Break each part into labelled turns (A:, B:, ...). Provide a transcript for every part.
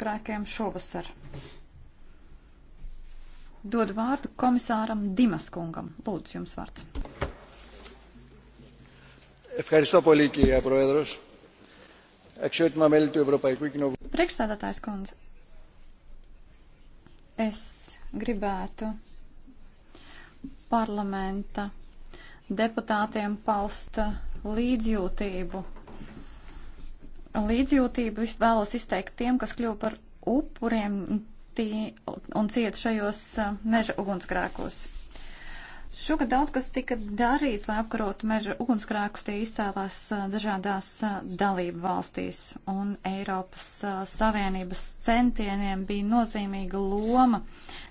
A: krēkiem šovasar. Dod vārdu komisāram Dimas kungam. Lūdzu, jums vārds.
B: Ευχαριστώ
C: πολύ, κυρία Πρόεδρος. Αξιότιμα μέλη του Ευρωπαϊκού Κοινοβουλίου.
A: Priekšsēdētājs kundze, es gribētu parlamenta deputātiem paust līdzjūtību līdzjūtību vēlos izteikt tiem, kas kļuva par upuriem tī, un ciet šajos uh, meža ugunsgrēkos. Šogad daudz kas tika darīts, lai apkarotu meža ugunskrēkus, tie izcēlās dažādās dalību valstīs, un Eiropas Savienības centieniem bija nozīmīga loma.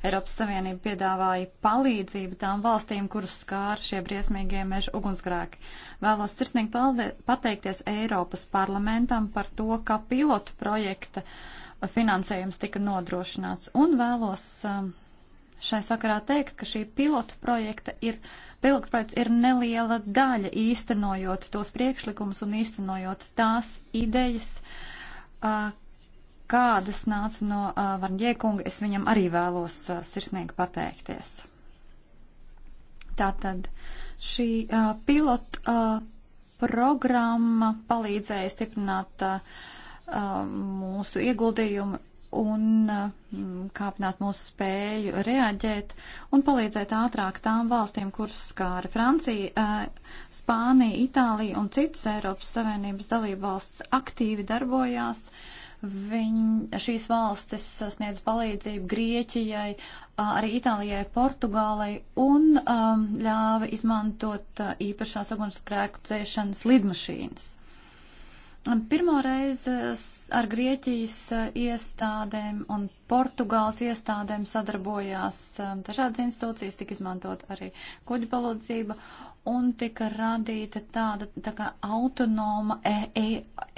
A: Eiropas Savienība piedāvāja palīdzību tām valstīm, kuras skār šie briesmīgie meža ugunskrēki. Vēlos sirsnīgi pateikties Eiropas parlamentam par to, ka pilotu projekta finansējums tika nodrošināts, un vēlos uh, šai sakarā teikt, ka šī pilota projekta ir, pilota projekts ir neliela daļa īstenojot tos priekšlikumus un īstenojot tās idejas, kādas nāca no Varņiekunga. Es viņam arī vēlos sirsnīgi pateikties. Tātad šī pilota programma palīdzēja stiprināt mūsu ieguldījumu un mm, kāpināt mūsu spēju reaģēt un palīdzēt ātrāk tām valstīm, kuras skāra Francija, eh, Spānija, Itālija un citas Eiropas Savienības dalību valsts aktīvi darbojās. Viņ, šīs valstis sniedz palīdzību Grieķijai, arī Itālijai, Portugālai un um, ļāva izmantot īpašās ugunsgrēku dzēšanas lidmašīnas. Pirmo reizi ar Grieķijas eh, iestādēm un Portugāles iestādēm sadarbojās eh, dažādas institūcijas, tika izmantot arī kuģu palūdzība un tika radīta tāda tā kā autonoma e e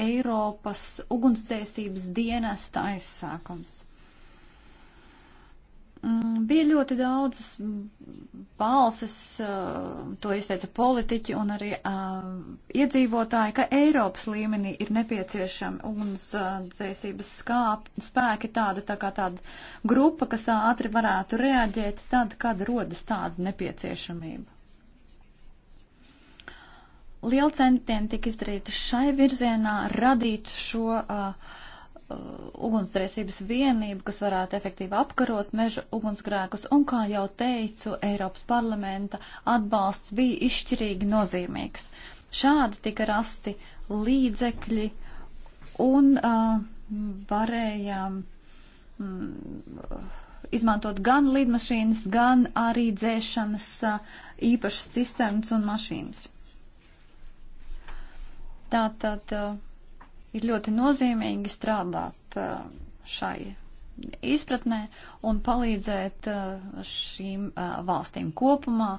A: Eiropas ugunsdzēsības dienesta aizsākums. Mm, bija ļoti daudzas balses, to izteica politiķi un arī iedzīvotāji, ka Eiropas līmenī ir nepieciešama ugunsdzēsības spēki, tāda tā kā tāda grupa, kas ātri varētu reaģēt tad, kad rodas tāda nepieciešamība. Liela centieni tika izdarīti šai virzienā radīt šo uh, Uh, ugunsdzēsības vienību, kas varētu efektīvi apkarot meža ugunsgrēkus, un, kā jau teicu, Eiropas parlamenta atbalsts bija izšķirīgi nozīmīgs. Šādi tika rasti līdzekļi un uh, varējām mm, izmantot gan lidmašīnas, gan arī dzēšanas uh, īpašas cisternas un mašīnas. Tātad. Uh, Ir ļoti nozīmīgi strādāt uh, šai izpratnē un palīdzēt uh, šīm uh, valstīm kopumā.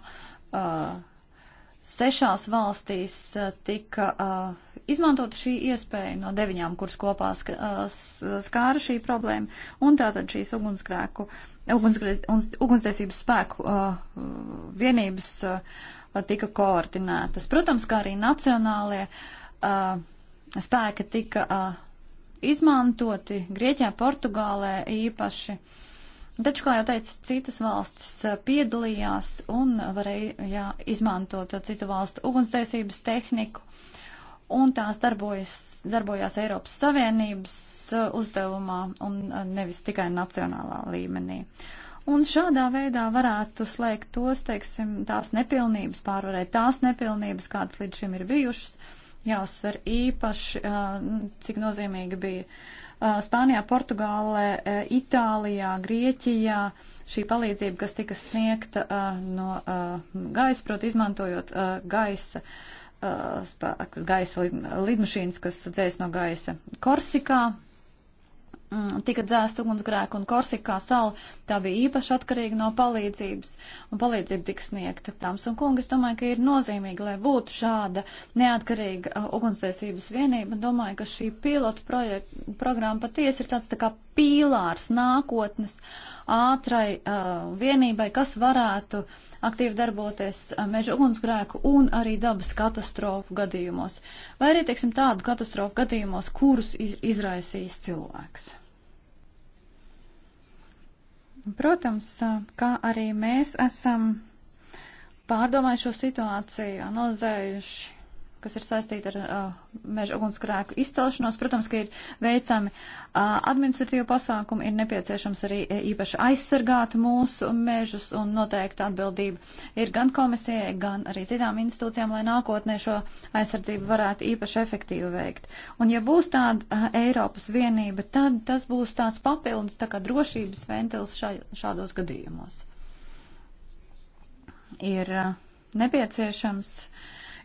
A: Sešās valstīs tika izmantota šī iespēja no deviņām, kuras kopā skāra šī problēma, un tātad šīs ugunsgrēku, ugunsdzēsības spēku vienības tika koordinētas. Protams, kā arī nacionālie uh, spēki tika uh, izmantoti Grieķijā, Portugālē īpaši. Taču, kā jau teicu, citas valstis piedalījās un varēja jā, izmantot citu valstu ugunsdzēsības tehniku, un tās darbojas, darbojās Eiropas Savienības uzdevumā un nevis tikai nacionālā līmenī. Un šādā veidā varētu slēgt tos, teiksim, tās nepilnības, pārvarēt tās nepilnības, kādas līdz šim ir bijušas jāsver īpaši, cik nozīmīgi bija Spānijā, Portugālē, Itālijā, Grieķijā šī palīdzība, kas tika sniegta no gaisa, proti izmantojot gaisa spēkus, gaisa lidmašīnas, kas dzēs no gaisa Korsikā, Mm, tika dzēst ugunsgrēku un Korsikā sala, tā bija īpaši atkarīga no palīdzības, un palīdzība tika sniegta. Tāms un kungi, es domāju, ka ir nozīmīgi, lai būtu šāda neatkarīga uh, ugunsdzēsības vienība, un domāju, ka šī pilotu projekta programma patiesi ir tāds tā kā pīlārs nākotnes ātrai uh, vienībai, kas varētu aktīvi darboties uh, meža ugunsgrēku un arī dabas katastrofu gadījumos, vai arī, teiksim, tādu katastrofu gadījumos, kurus izraisīs cilvēks. Protams, kā arī mēs esam pārdomājuši šo situāciju, analizējuši kas ir saistīti ar uh, meža ugunsgrēku izcelšanos. Protams, ka ir veicami uh, administratīvi pasākumi, ir nepieciešams arī īpaši aizsargāt mūsu mežus un noteikti atbildība ir gan komisijai, gan arī citām institūcijām, lai nākotnē šo aizsardzību varētu īpaši efektīvi veikt. Un ja būs tāda uh, Eiropas vienība, tad tas būs tāds papildus, tā kā drošības ventils šā, šādos gadījumos. Ir uh, nepieciešams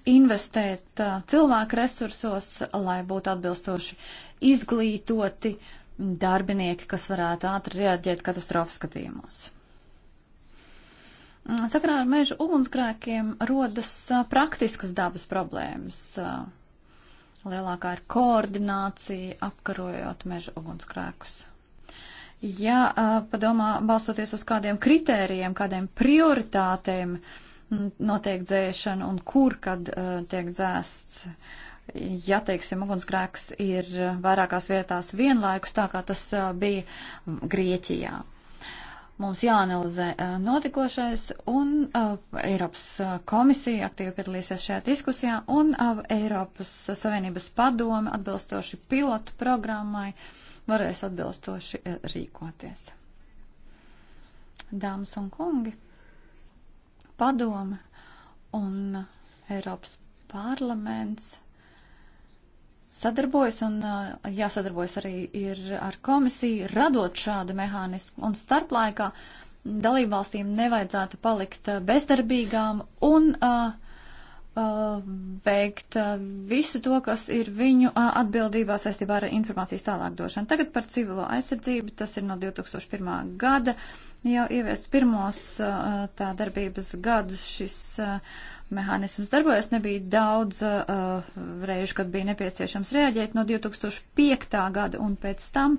A: investēt uh, cilvēku resursos, lai būtu atbilstoši izglītoti darbinieki, kas varētu ātri reaģēt katastrofu skatījumos. Mm, sakarā ar meža ugunsgrēkiem rodas uh, praktiskas dabas problēmas. Uh, lielākā ir koordinācija apkarojot meža ugunsgrēkus. Ja uh, padomā, balstoties uz kādiem kritērijiem, kādiem prioritātēm, uh, notiek dzēšana un kur, kad uh, tiek dzēsts. Ja, teiksim, ugunsgrēks ir vairākās vietās vienlaikus, tā kā tas uh, bija Grieķijā. Mums jāanalizē uh, notikošais, un uh, Eiropas komisija aktīvi piedalīsies šajā diskusijā, un uh, Eiropas Savienības padome atbilstoši pilotu programmai varēs atbilstoši uh, rīkoties. Dāmas un kungi! padome un Eiropas parlaments sadarbojas un jāsadarbojas arī ir ar komisiju, radot šādu mehānismu. Un starplaikā dalībvalstīm nevajadzētu palikt bezdarbīgām un uh, Uh, veikt uh, visu to, kas ir viņu uh, atbildībā saistībā ar informācijas tālākdošanu. Tagad par civilo aizsardzību, tas ir no 2001. gada, jau ieviest pirmos tā darbības gadus šis mehānisms darbojas, nebija daudz reižu, kad bija nepieciešams reaģēt no 2005. gada un pēc tam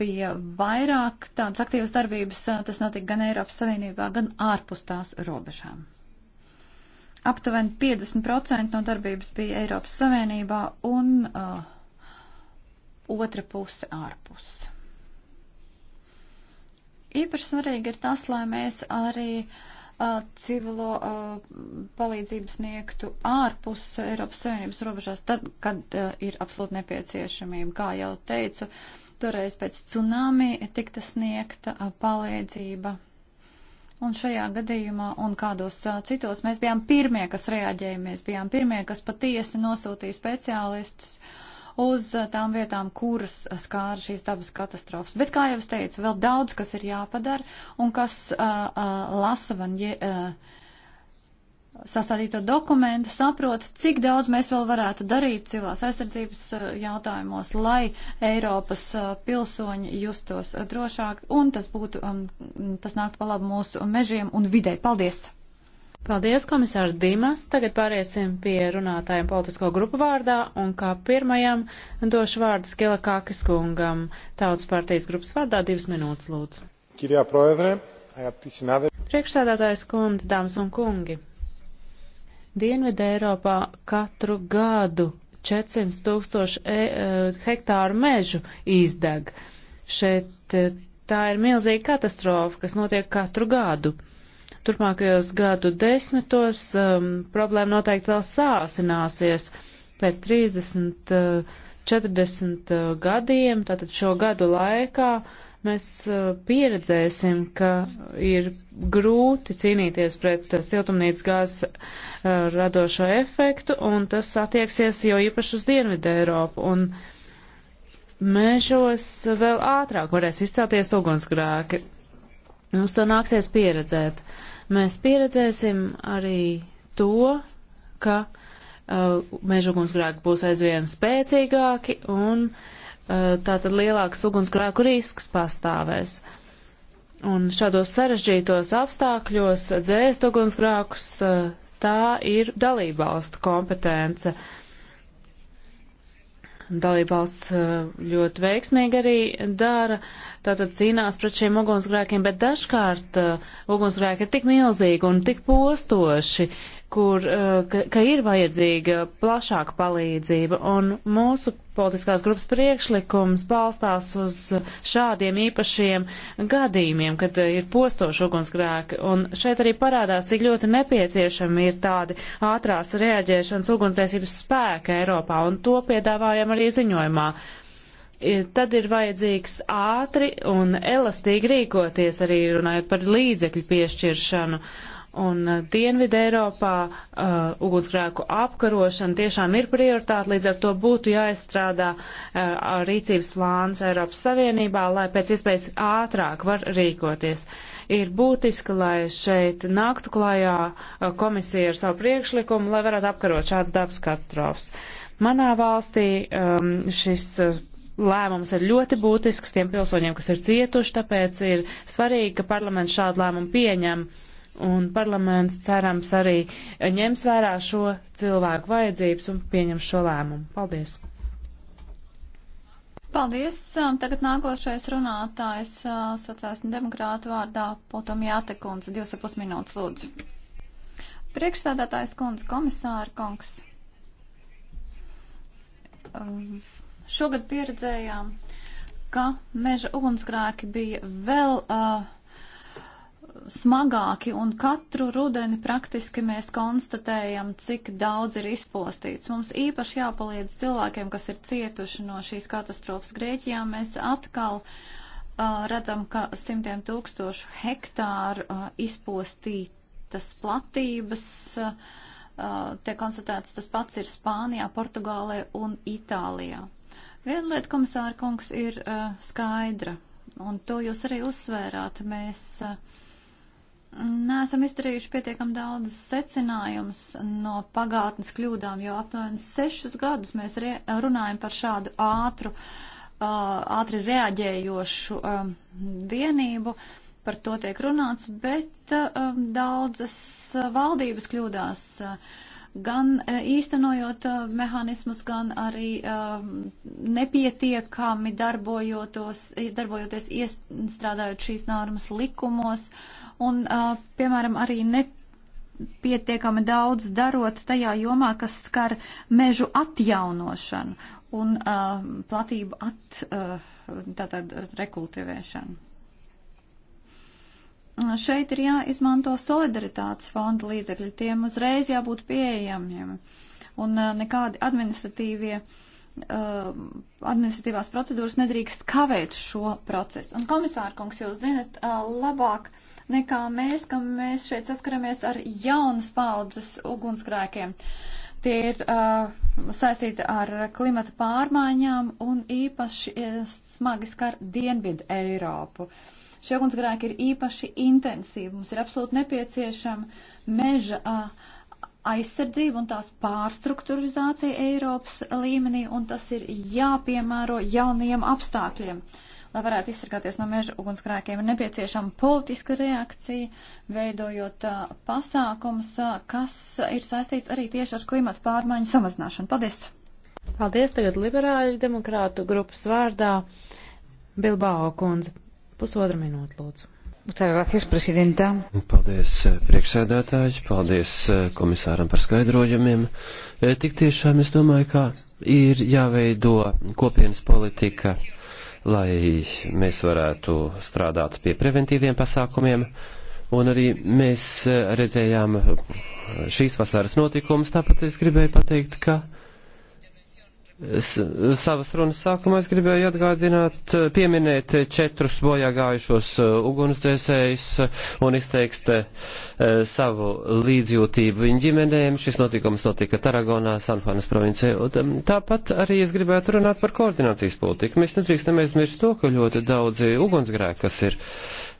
A: bija vairāk tādas aktīvas darbības, tas notika gan Eiropas Savienībā, gan ārpus tās robežām. Aptuveni 50% no darbības bija Eiropas Savienībā un uh, otra puse ārpus. Īpaši svarīgi ir tas, lai mēs arī uh, civilo uh, palīdzību sniegtu ārpus Eiropas Savienības robežās, tad, kad uh, ir absolūti nepieciešamība. Kā jau teicu, toreiz pēc tsunami tika sniegta uh, palīdzība Un šajā gadījumā un kādos citos mēs bijām pirmie, kas reaģēja, mēs bijām pirmie, kas patiesi nosūtīja speciālistus uz tām vietām, kuras skāra šīs dabas katastrofas. Bet, kā jau es teicu, vēl daudz, kas ir jāpadara un kas uh, uh, Lasa van uh, sastādīto dokumentu saprot, cik daudz mēs vēl varētu darīt civilās aizsardzības uh, jautājumos, lai Eiropas uh, pilsoņi justos uh, drošāk un tas būtu, um, tas nāktu pa labu mūsu mežiem un
B: videi. Paldies! Paldies, komisārs Dīmas. Tagad pāriesim pie runātājiem politisko grupu vārdā un kā pirmajam došu vārdu Skila Kākis kungam. Tautas partijas grupas vārdā divas minūtes lūdzu. Priekšsēdētājs kundze, dāmas un kungi. Dienvidē Eiropā katru gadu 400 tūkstoši e, e, hektāru mežu izdeg. Šeit e, tā ir milzīga katastrofa, kas notiek katru gadu. Turpmākajos gadu desmitos um, problēma noteikti vēl sāsināsies. Pēc 30, 40 e, gadiem, tātad šo gadu laikā, uh, mēs uh, pieredzēsim, ka ir grūti cīnīties pret uh, siltumnīcas gāzes uh, radošo efektu, un tas attieksies jau īpaši uz Dienvidu Eiropu. Un mežos vēl ātrāk varēs izcelties ugunsgrēki. Mums to nāksies pieredzēt. Mēs pieredzēsim arī to, ka uh, mežugunsgrēki būs aizvien spēcīgāki un uh, Eh, tātad lielāks ugunsgrēku risks pastāvēs. Un šādos sarežģītos apstākļos dzēst ugunsgrākus eh, tā ir dalībvalstu kompetence. Dalībvalsts eh, ļoti veiksmīgi arī dara, tātad cīnās pret šiem ugunsgrēkiem, bet dažkārt ugunsgrēki ir tik milzīgi un tik postoši, kur, eh, ka, ka ir vajadzīga plašāka palīdzība, un mūsu politiskās grupas priekšlikums balstās uz šādiem īpašiem gadījumiem, kad eh, ir postoši ugunsgrēki, un šeit arī parādās, cik ļoti nepieciešami ir tādi ātrās reaģēšanas ugunsdzēsības spēka Eiropā, un to piedāvājam arī ziņojumā. Tad ir vajadzīgs ātri un elastīgi rīkoties, arī runājot par līdzekļu piešķiršanu. Uh, Un uh, Dienvidē Eiropā uh, ugunsgrēku apkarošana tiešām ir prioritāte, līdz ar to būtu jāizstrādā uh, rīcības plāns Eiropas Savienībā, lai pēc iespējas ātrāk var rīkoties. Ir būtiski, lai šeit naktu klājā uh, komisija ar savu priekšlikumu, lai varētu apkarot šāds dabas katastrofas. Manā valstī um, šis. Uh, lēmums ir ļoti būtisks tiem pilsoņiem, kas ir cietuši, tāpēc ir svarīgi, ka parlaments šādu lēmumu pieņem. Uh, un parlaments cerams arī ņems vērā šo cilvēku vajadzības un pieņems šo lēmumu. Paldies!
A: Paldies! Um, tagad nākošais runātājs uh, sacēsim demokrātu vārdā Potomjāte kundze, 2,5 minūtes lūdzu. Priekšsēdētājs kundze, komisāra kungs. Um, šogad pieredzējām, ka meža ugunsgrēki bija vēl uh, smagāki, un katru rudeni praktiski mēs konstatējam, cik daudz ir izpostīts. Mums īpaši jāpalīdz cilvēkiem, kas ir cietuši no šīs katastrofas Grieķijā. Mēs atkal uh, redzam, ka simtiem tūkstošu hektāru uh, izpostītas platības. Uh, tiek konstatēts tas pats ir Spānijā, Portugālē un Itālijā. Viena lieta, komisāra kungs, ir uh, skaidra, un to jūs arī uzsvērāt. Mēs uh, Nesam izdarījuši pietiekam daudz secinājumus no pagātnes kļūdām, jo aptuveni sešus gadus mēs runājam par šādu ātru, ātri reaģējošu vienību. Par to tiek runāts, bet daudzas valdības kļūdās. Uh, gan e, īstenojot e, mehānismus, gan arī e, nepietiekami darbojoties, iestrādājot šīs normas likumos un, piemēram, arī nepietiekami daudz darot tajā jomā, kas skar mežu atjaunošanu un platību at, tātad rekultivēšanu šeit ir jāizmanto solidaritātes fonda līdzekļi, tiem uzreiz jābūt pieejamiem. Un uh, nekādi administratīvie, uh, administratīvās procedūras nedrīkst kavēt šo procesu. Un komisārkungs, jūs zinat uh, labāk nekā mēs, ka mēs šeit saskaramies ar jaunas paudzes ugunsgrēkiem. Tie ir uh, saistīti ar klimata pārmaiņām un īpaši uh, smagi skar Dienvidu Eiropu. Uh, Šie ugunsgrēki ir īpaši intensīvi. Mums ir absolūti nepieciešama meža aizsardzība un tās pārstruktūrizācija Eiropas līmenī, un tas ir jāpiemēro jaunajiem apstākļiem. Lai varētu izsargāties no meža ugunsgrēkiem, ir nepieciešama politiska reakcija, veidojot uh, pasākums, uh, kas ir saistīts arī tieši ar klimatu pārmaiņu samazināšanu.
B: Paldies! Paldies tagad liberāļu demokrātu grupas vārdā Bilbao kundze. Pusotra minūte, lūdzu.
A: Paldies,
C: eh, priekšsēdētāji, paldies eh, komisāram par skaidrojumiem. Eh, tik tiešām es domāju, ka ir jāveido kopienas politika, lai mēs varētu strādāt pie preventīviem pasākumiem. Un arī mēs redzējām šīs vasaras notikumus, tāpat es gribēju pateikt, ka savas runas sākumā es gribēju atgādināt, pieminēt četrus bojā gājušos uh, ugunsdzēsējus uh, un izteikt uh, savu līdzjūtību viņu ģimenēm. Šis notikums notika Taragonā, Sanfanas provincē. Um, tāpat arī es gribētu runāt par koordinācijas politiku. Mēs nedrīkstam aizmirst to, ka ļoti daudzi ugunsgrēki, kas ir,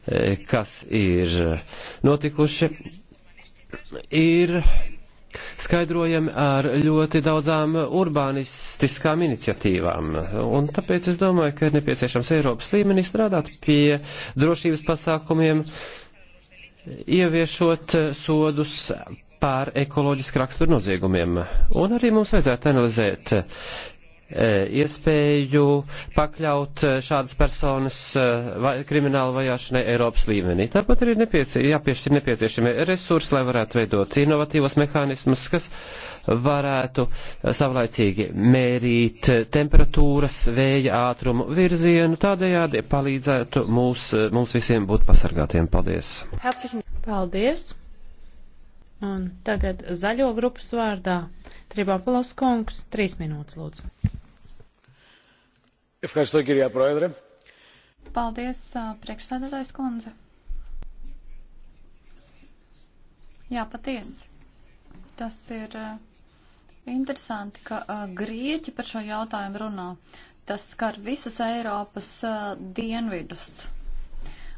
C: eh, kas ir notikuši, ir skaidrojami ar ļoti daudzām urbānistiskām iniciatīvām. Un tāpēc es domāju, ka ir nepieciešams Eiropas līmenī strādāt pie drošības pasākumiem, ieviešot sodus pār ekoloģiski raksturu noziegumiem. Un arī mums vajadzētu analizēt E, iespēju pakļaut e, šādas personas e, vai, kriminālu vajāšanai Eiropas līmenī. Tāpat arī nepiecie, jāpiešķir nepieciešamie resursi, lai varētu veidot inovatīvos mehānismus, kas varētu savlaicīgi mērīt temperatūras, vēja ātrumu, virzienu, tādējādi palīdzētu mūs, mums visiem būt pasargātiem. Paldies!
B: Paldies! Un tagad zaļo grupas vārdā Tribopulos kungs, trīs minūtes lūdzu. Paldies, priekšsēdētājs kundze.
A: Jā, patiesi. Tas ir interesanti, ka Grieķi par šo jautājumu runā. Tas skar visus Eiropas dienvidus.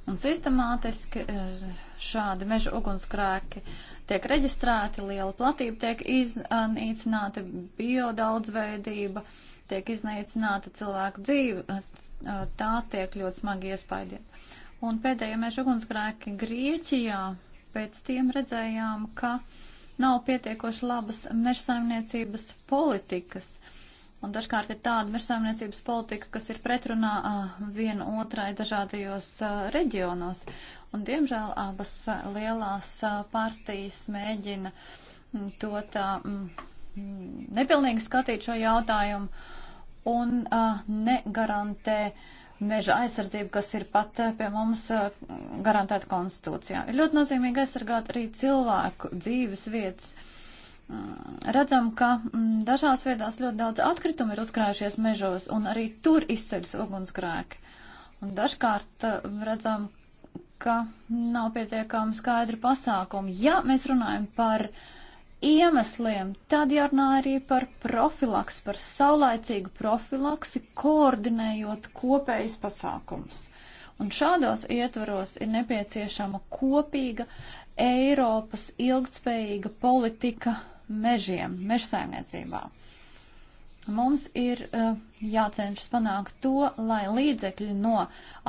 A: Un sistemātiski šādi meža ugunskrēki uh, tiek reģistrēti, liela platība tiek iznīcināta, biodaudzveidība tiek iznīcināta, cilvēku dzīve, tā tiek ļoti smagi iespaidīta. Un pēdējie meža ugunsgrēki Grieķijā, pēc tiem redzējām, ka nav pietiekoši labas mežsaimniecības politikas. Un dažkārt ir tāda mirsaimniecības politika, kas ir pretrunā uh, viena otrai dažādajos uh, reģionos. Un, diemžēl abas lielās partijas mēģina to tā nepilnīgi skatīt šo jautājumu un negarantē meža aizsardzību, kas ir pat pie mums garantēta konstitūcijā. Ir ļoti nozīmīgi aizsargāt arī cilvēku dzīves vietas redzam, ka dažās vietās ļoti daudz atkritumu ir uzkrājušies mežos, un arī tur izceļas ugunsgrēki. Un dažkārt redzam, ka nav pietiekami skaidri pasākumi. Ja mēs runājam par iemesliem, tad jārunā arī par profilaks, par saulaicīgu profilaksi, koordinējot kopējus pasākumus. Un šādos ietvaros ir nepieciešama kopīga Eiropas ilgtspējīga politika mežiem, mežsaimniecībā. Mums ir uh, jācenšas panākt to, lai līdzekļi no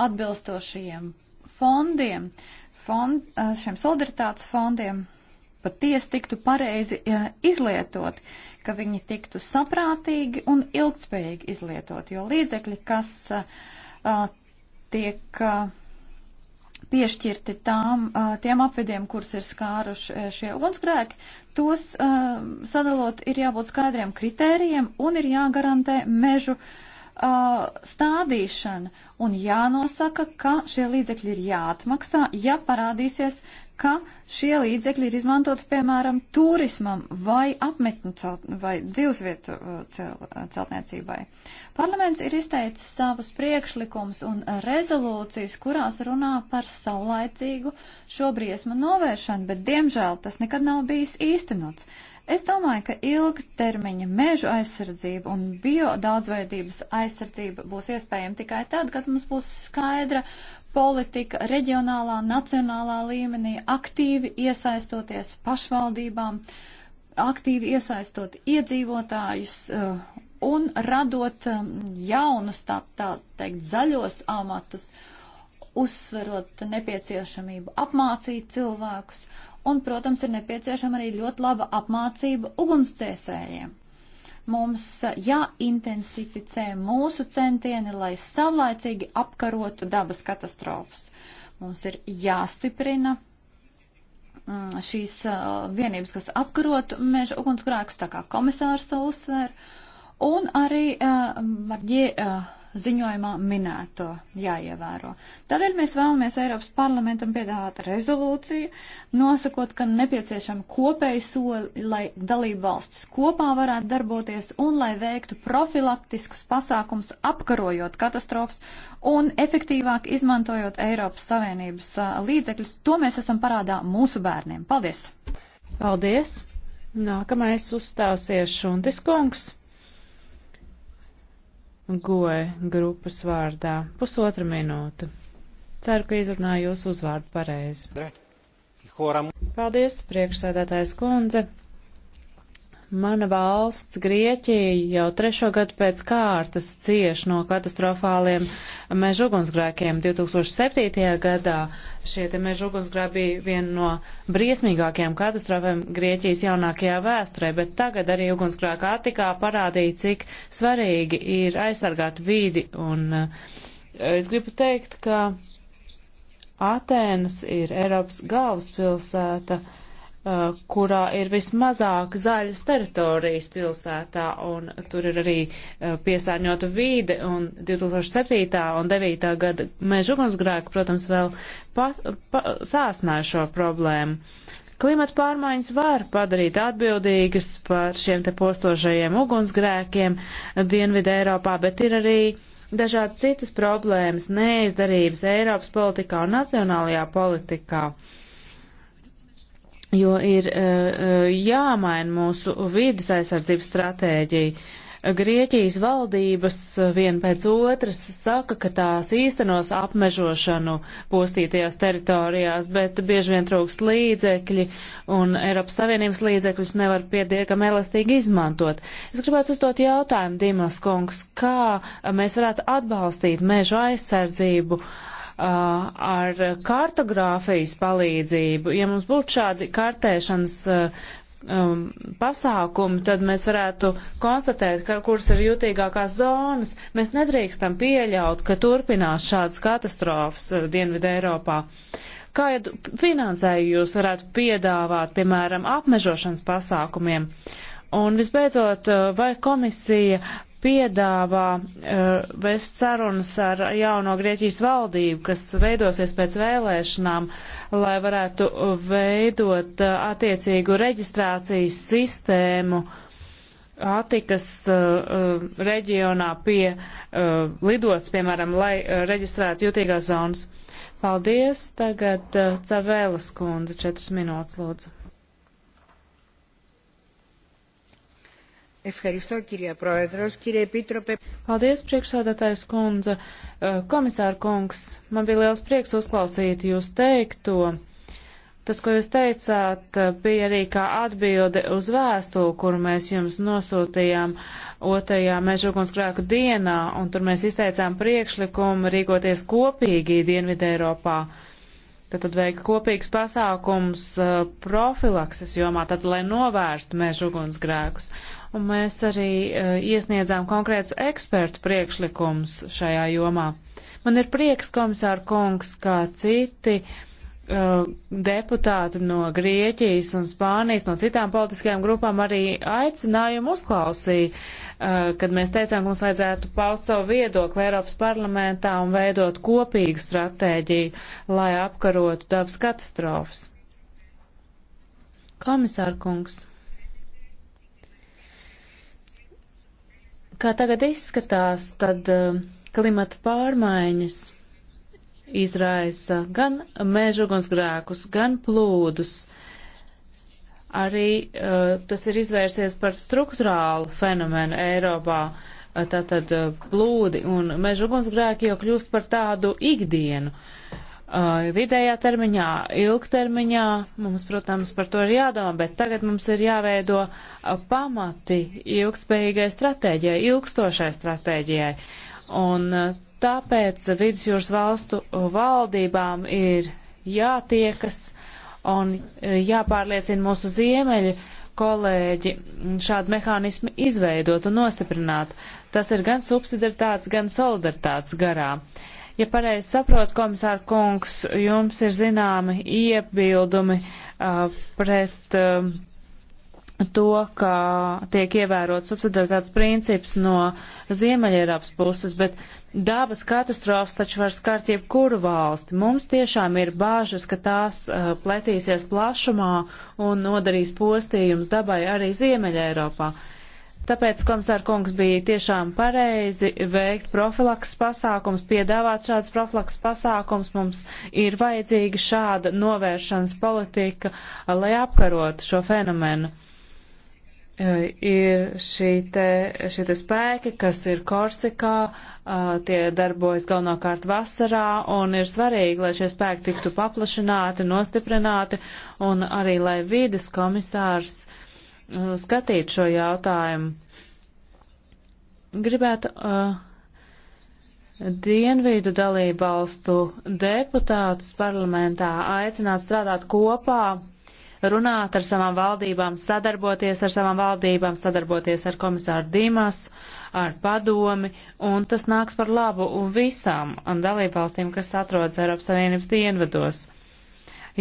A: atbilstošajiem fondiem, fond, šiem solidaritātes fondiem patiesi tiktu pareizi izlietot, ka viņi tiktu saprātīgi un ilgspējīgi izlietot, jo līdzekļi, kas uh, tiek uh, piešķirti tām, uh, tiem apvidiem, kurus ir skāruši šie ugunsgrēki, tos sadalot ir jābūt skaidriem kritērijiem un ir jāgarantē mežu uh, Uh, stādīšana un jānosaka, ka šie līdzekļi ir jāatmaksā, ja parādīsies, ka šie līdzekļi ir izmantoti, piemēram, turismam vai apmetņu celt, vai dzīvesvietu uh, cel, uh, celtniecībai. Parlaments ir izteicis savus priekšlikums un rezolūcijas, kurās runā par saulaicīgu šo briesmu novēršanu, bet, diemžēl, tas nekad nav bijis īstenots. Es domāju, ka ilgtermiņa mežu aizsardzība un biodaudzveidības aizsardzība būs iespējama tikai tad, kad mums būs skaidra politika reģionālā, nacionālā līmenī, aktīvi iesaistoties pašvaldībām, aktīvi iesaistot iedzīvotājus uh, un radot um, jaunus, tā, tā teikt, zaļos amatus, uzsverot nepieciešamību apmācīt cilvēkus Un, protams, ir nepieciešama arī ļoti laba apmācība ugunsdzēsējiem. Mums eh, jāintensificē mūsu centieni, lai savlaicīgi apkarotu dabas katastrofas. Mums ir jāstiprina mm, šīs eh, vienības, kas apkarotu meža ugunsgrēkus, tā kā komisārs to uzsver, un arī uh, eh, Marģie uh, ziņojumā minēto jāievēro. Tādēļ mēs vēlamies Eiropas parlamentam piedāvāt rezolūciju, nosakot, ka nepieciešami kopēji soli, lai dalību valstis kopā varētu darboties un lai veiktu profilaktiskus pasākums apkarojot katastrofas un efektīvāk izmantojot Eiropas Savienības līdzekļus. To mēs esam parādā mūsu bērniem.
B: Paldies! Paldies! Nākamais uzstāsies Šuntis Kungs goe grupas vārdā. Pusotra minūte. Ceru, ka izrunāju jūsu uzvārdu pareizi. Paldies, priekšsēdētājs kundze. Mana valsts, Grieķija, jau trešo gadu pēc kārtas cieš no katastrofāliem meža ugunsgrēkiem. 2007. gadā šie te meža ugunsgrēki bija viena no briesmīgākajām katastrofēm Grieķijas jaunākajā vēsturē, bet tagad arī ugunsgrēka attikā parādīja, cik svarīgi ir aizsargāt vīdi. Un eh, es gribu teikt, ka Atēnas ir Eiropas galvaspilsēta. pilsēta Uh, kurā ir vismazāk zaļas teritorijas pilsētā, un tur ir arī uh, piesārņota vīde, un 2007. un 2009. gada meža ugunsgrēki, protams, vēl pa, pa, sāsnāja šo problēmu. Klimata pārmaiņas var padarīt atbildīgas par šiem te postošajiem ugunsgrēkiem Dienvidē Eiropā, bet ir arī dažādi citas problēmas neizdarības Eiropas politikā un nacionālajā politikā. Uh, jo ir eh, eh, jāmaina mūsu vidas aizsardzības stratēģija. Grieķijas valdības eh, viena pēc otras saka, ka tās īstenos apmežošanu postītajās teritorijās, bet bieži vien trūkst līdzekļi un Eiropas Savienības līdzekļus nevar pietiekam elastīgi izmantot. Es gribētu uzdot jautājumu, Dimas kungs, kā mēs varētu atbalstīt mežu aizsardzību uh, Uh, ar kartogrāfijas palīdzību, ja mums būtu šādi kartēšanas uh, um, pasākumu, tad mēs varētu konstatēt, ka, kuras ir jūtīgākās zonas. Mēs nedrīkstam pieļaut, ka turpinās šādas katastrofas uh, Dienvidē Eiropā. Kādu finansēju jūs varētu piedāvāt, piemēram, apmežošanas pasākumiem? Un visbeidzot, vai komisija piedāvā uh, vest sarunas ar jauno Grieķijas valdību, kas veidosies pēc vēlēšanām, lai varētu veidot uh, attiecīgu reģistrācijas sistēmu Atikas uh, eh, reģionā pie lidosts, piemēram, lai reģistrētu jūtīgās zonas. Paldies, tagad Cavēlas kundze, četras minūtes, lūdzu. Paldies, priekšsādātājs kundze. Komisāra kungs, man bija liels prieks uzklausīt jūs teikto. Tas, ko jūs teicāt, bija arī kā atbilde uz vēstuli, kuru mēs jums nosūtījām otrajā mežugunsgrēku dienā, un tur mēs izteicām priekšlikumu rīkoties kopīgi Dienvidē Eiropā. Tad, tad veika kopīgs pasākums profilakses jomā, tad, lai novērstu mežugunsgrēkus un mēs arī e, iesniedzām konkrētus ekspertu priekšlikums šajā jomā. Man ir prieks, komisāra kungs, kā citi e, deputāti no Grieķijas un Spānijas, no citām politiskajām grupām arī aicinājumu uzklausīja, e, kad mēs teicām, ka mums vajadzētu paust savu viedokli Eiropas parlamentā un veidot kopīgu stratēģiju, lai apkarotu dabas katastrofas. Komisārkungs. Kā tagad izskatās, tad um, klimata pārmaiņas izraisa gan mēžu ugunsgrēkus, gan plūdus. Arī uh, tas ir izvērsies par struktūrālu fenomenu Eiropā. Uh, tātad uh, plūdi un meža ugunsgrēki jau kļūst par tādu ikdienu. Uh, Uh, vidējā termiņā, ilgtermiņā. Mums, protams, par to ir jādomā, bet tagad mums ir jāveido uh, pamati ilgspējīgai stratēģijai, ilgstošai stratēģijai. Un uh, tāpēc vidusjūras valstu valdībām ir jātiekas un jāpārliecina mūsu ziemeļi kolēģi šādu mehānismu izveidot un nostiprināt. Tas ir gan subsidaritāts, gan solidaritāts garā. Uh, Ja pareizi saprotu, komisāra kungs, jums ir zināmi iebildumi uh, pret uh, to, ka tiek ievērots subsidiaritātes princips no Ziemeļierāpas puses, bet dabas katastrofas taču var skart jebkuru valsti. Mums tiešām ir bāžas, ka tās uh, pletīsies plašumā un nodarīs postījumus dabai arī Ziemeļierāpā. Uh, Tāpēc, komisār kungs, bija tiešām pareizi veikt profilaks pasākums, piedāvāt šādus profilaks pasākums. Mums ir vajadzīga šāda novēršanas politika, lai apkarotu šo fenomenu e, ir šī te, šī te spēki, kas ir Korsikā, tie darbojas galvenokārt vasarā, un ir svarīgi, lai šie spēki tiktu paplašināti, nostiprināti, un arī, lai vīdes komisārs uh, Uh, skatīt šo jautājumu. Gribētu uh, dienvīdu dalību valstu deputātus parlamentā aicināt strādāt kopā, runāt ar savām valdībām, sadarboties ar savām valdībām, sadarboties ar komisāru Dīmas, ar padomi, un tas nāks par labu visām dalību valstīm, kas atrodas Eiropas Savienības dienvedos.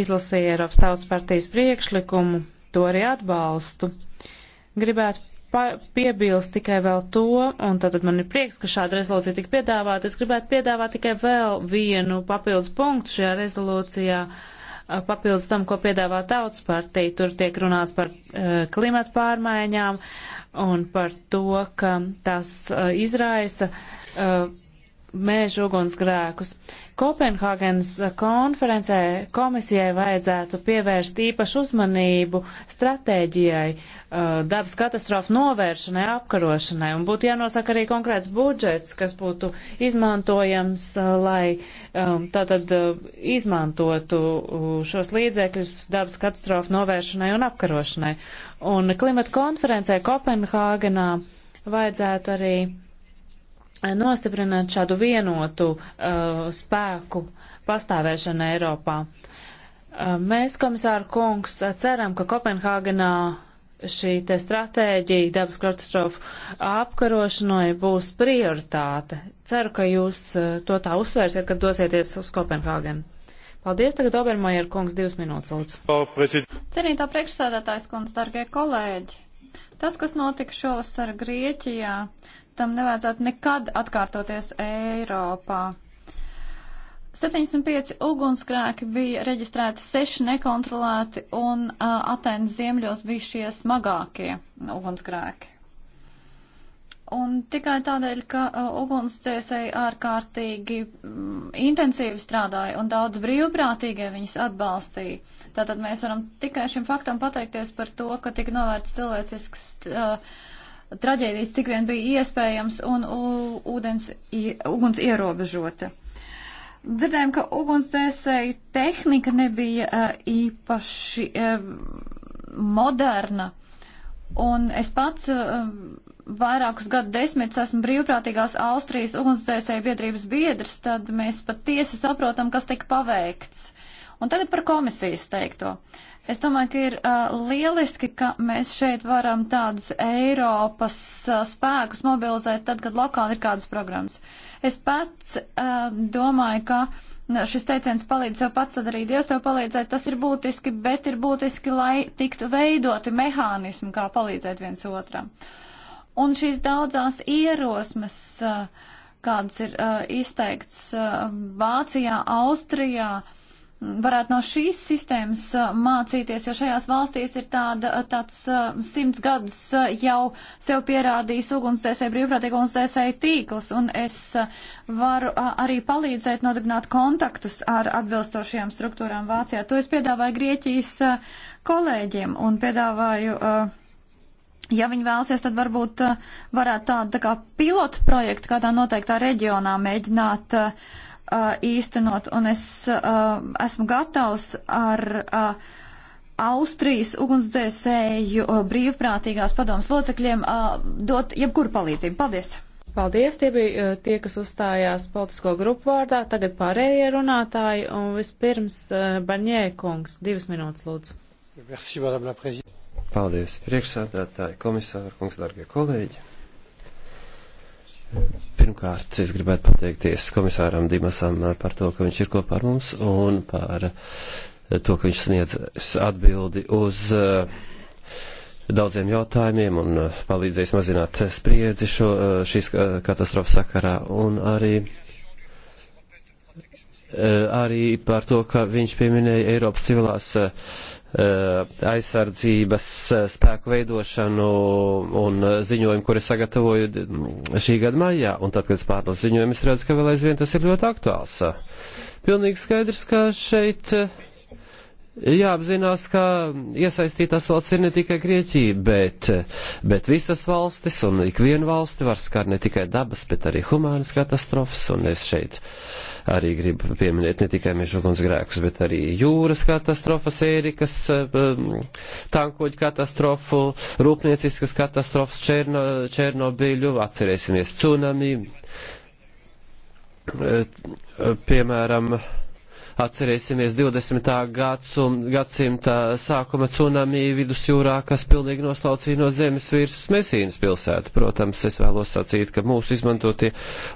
B: Izlasīja Eiropas Tautas partijas priekšlikumu to arī atbalstu. Gribētu piebilst tikai vēl to, un tad man ir prieks, ka šāda rezolūcija tika piedāvāta. Es gribētu piedāvāt tikai vēl vienu papildus punktu šajā rezolūcijā, papildus tam, ko piedāvā Tautas partija. Tur tiek runāts par uh, klimatu pārmaiņām un par to, ka tās uh, e, izraisa. Uh, mēžu ugunsgrēkus. Kopenhāgenes konferencē komisijai vajadzētu pievērst īpašu uzmanību stratēģijai, uh, dabas katastrofu novēršanai, apkarošanai, un būtu jānosaka arī konkrēts budžets, kas būtu izmantojams, uh, lai um, tātad uh, izmantotu šos līdzekļus dabas katastrofu novēršanai un apkarošanai. Un klimata konferencē Kopenhāgenā vajadzētu arī nostiprināt šādu vienotu uh, spēku pastāvēšanu Eiropā. Uh, mēs, komisāra kungs, ceram, ka Kopenhāgenā šī te stratēģija dabas katastrofu apkarošanai būs prioritāte. Ceru, ka jūs uh, to tā uzsvērsiet, kad dosieties uz Kopenhāgenu. Paldies, tagad Obermajer kungs, divas minūtes
C: lūdzu.
B: Cienītā priekšsēdētājs kundze, dargie kolēģi, Tas, kas notika šovasar Grieķijā,
A: tam nevajadzētu nekad atkārtoties Eiropā. 75 ugunsgrēki bija reģistrēti, 6 nekontrolēti un uh, Atēnas ziemļos bija šie smagākie ugunsgrēki. Un tikai tādēļ, ka uh, ugunsdzēsēji ārkārtīgi mm, intensīvi strādāja un daudz brīvprātīgie viņus atbalstīja. Tātad mēs varam tikai šim faktam pateikties par to, ka tika novērts cilvēcisks uh, traģēdijas, cik vien bija iespējams, un uh, ūdens, i, uguns ierobežota. Dzirdējām, ka ugunsdzēsēju tehnika nebija uh, īpaši uh, moderna, un es pats. Uh, vairākus gadu desmitus esmu brīvprātīgās Austrijas ugunsdzēsēju biedrības biedrs, tad mēs patiesi saprotam, kas tika paveikts. Un tagad par komisijas teikto. Es domāju, ka ir uh, lieliski, ka mēs šeit varam tādus Eiropas uh, spēkus mobilizēt tad, kad lokāli ir kādas programmas. Es pats uh, domāju, ka šis teiciens palīdz sev pats sadarīt, Dievs tev palīdzēt, tas ir būtiski, bet ir būtiski, lai tiktu veidoti mehānismi, kā palīdzēt viens otram. Uh, Un šīs daudzās ierosmes, kādas ir izteikts Vācijā, Austrijā, varētu no šīs sistēmas mācīties, jo šajās valstīs ir tāda, tāds simts gadus jau sev pierādījis ugunsdzēsēji, brīvprātīgi ugunsdzēsēji tīkls, un es varu arī palīdzēt nodibināt kontaktus ar atbilstošajām struktūrām Vācijā. To es piedāvāju Grieķijas kolēģiem un piedāvāju uh, Ja viņi vēlasies, tad varbūt eh, varētu tādu tā kā pilotu projektu kādā noteiktā reģionā mēģināt uh, īstenot. Un es uh, esmu gatavs ar uh, Austrijas ugunsdzēsēju uh, brīvprātīgās padomas locekļiem uh, dot jebkuru
B: palīdzību. Paldies! Paldies, tie bija uh, tie, kas uzstājās politisko grupu vārdā. Tagad pārējie runātāji un vispirms uh, Baņē kungs. Divas minūtes, lūdzu.
C: Merci, Paldies, priekšsādātāji, komisāri, kungs, darbie kolēģi. Pirmkārt, es gribētu pateikties komisāram Dimasam par to, ka viņš ir kopā ar mums un par to, ka viņš sniedz atbildi uz eh, daudziem jautājumiem un eh, palīdzēs mazināt spriedzi šo, eh, šīs katastrofas sakarā un arī arī par to, ka viņš pieminēja Eiropas civilās Eh, aizsardzības eh, spēku veidošanu un eh, ziņojumu, kuri sagatavoju mm, šī gada maijā. Un tad, kad es pārlasu ziņojumu, es redzu, ka vēl aizvien tas ir ļoti aktuāls. Pilnīgi skaidrs, ka šeit jāapzinās, ka iesaistītās valsts ir ne tikai Grieķija, bet, bet visas valstis un ikvienu valsti var skar ne tikai dabas, bet arī humānas katastrofas. Un es šeit arī gribu pieminēt ne tikai mežuguns grēkus, bet arī jūras katastrofas, ērikas, um, tankoģu katastrofu, rūpnieciskas katastrofas, Černo, Černobiļu, atcerēsimies tsunami. Uh, piemēram, Atcerēsimies 20. Gadsum, gadsimta sākuma tsunami vidusjūrā, kas pilnīgi noslaucīja no zemes virs Mesīnas pilsētu. Protams, es vēlos sacīt, ka mūsu izmantotie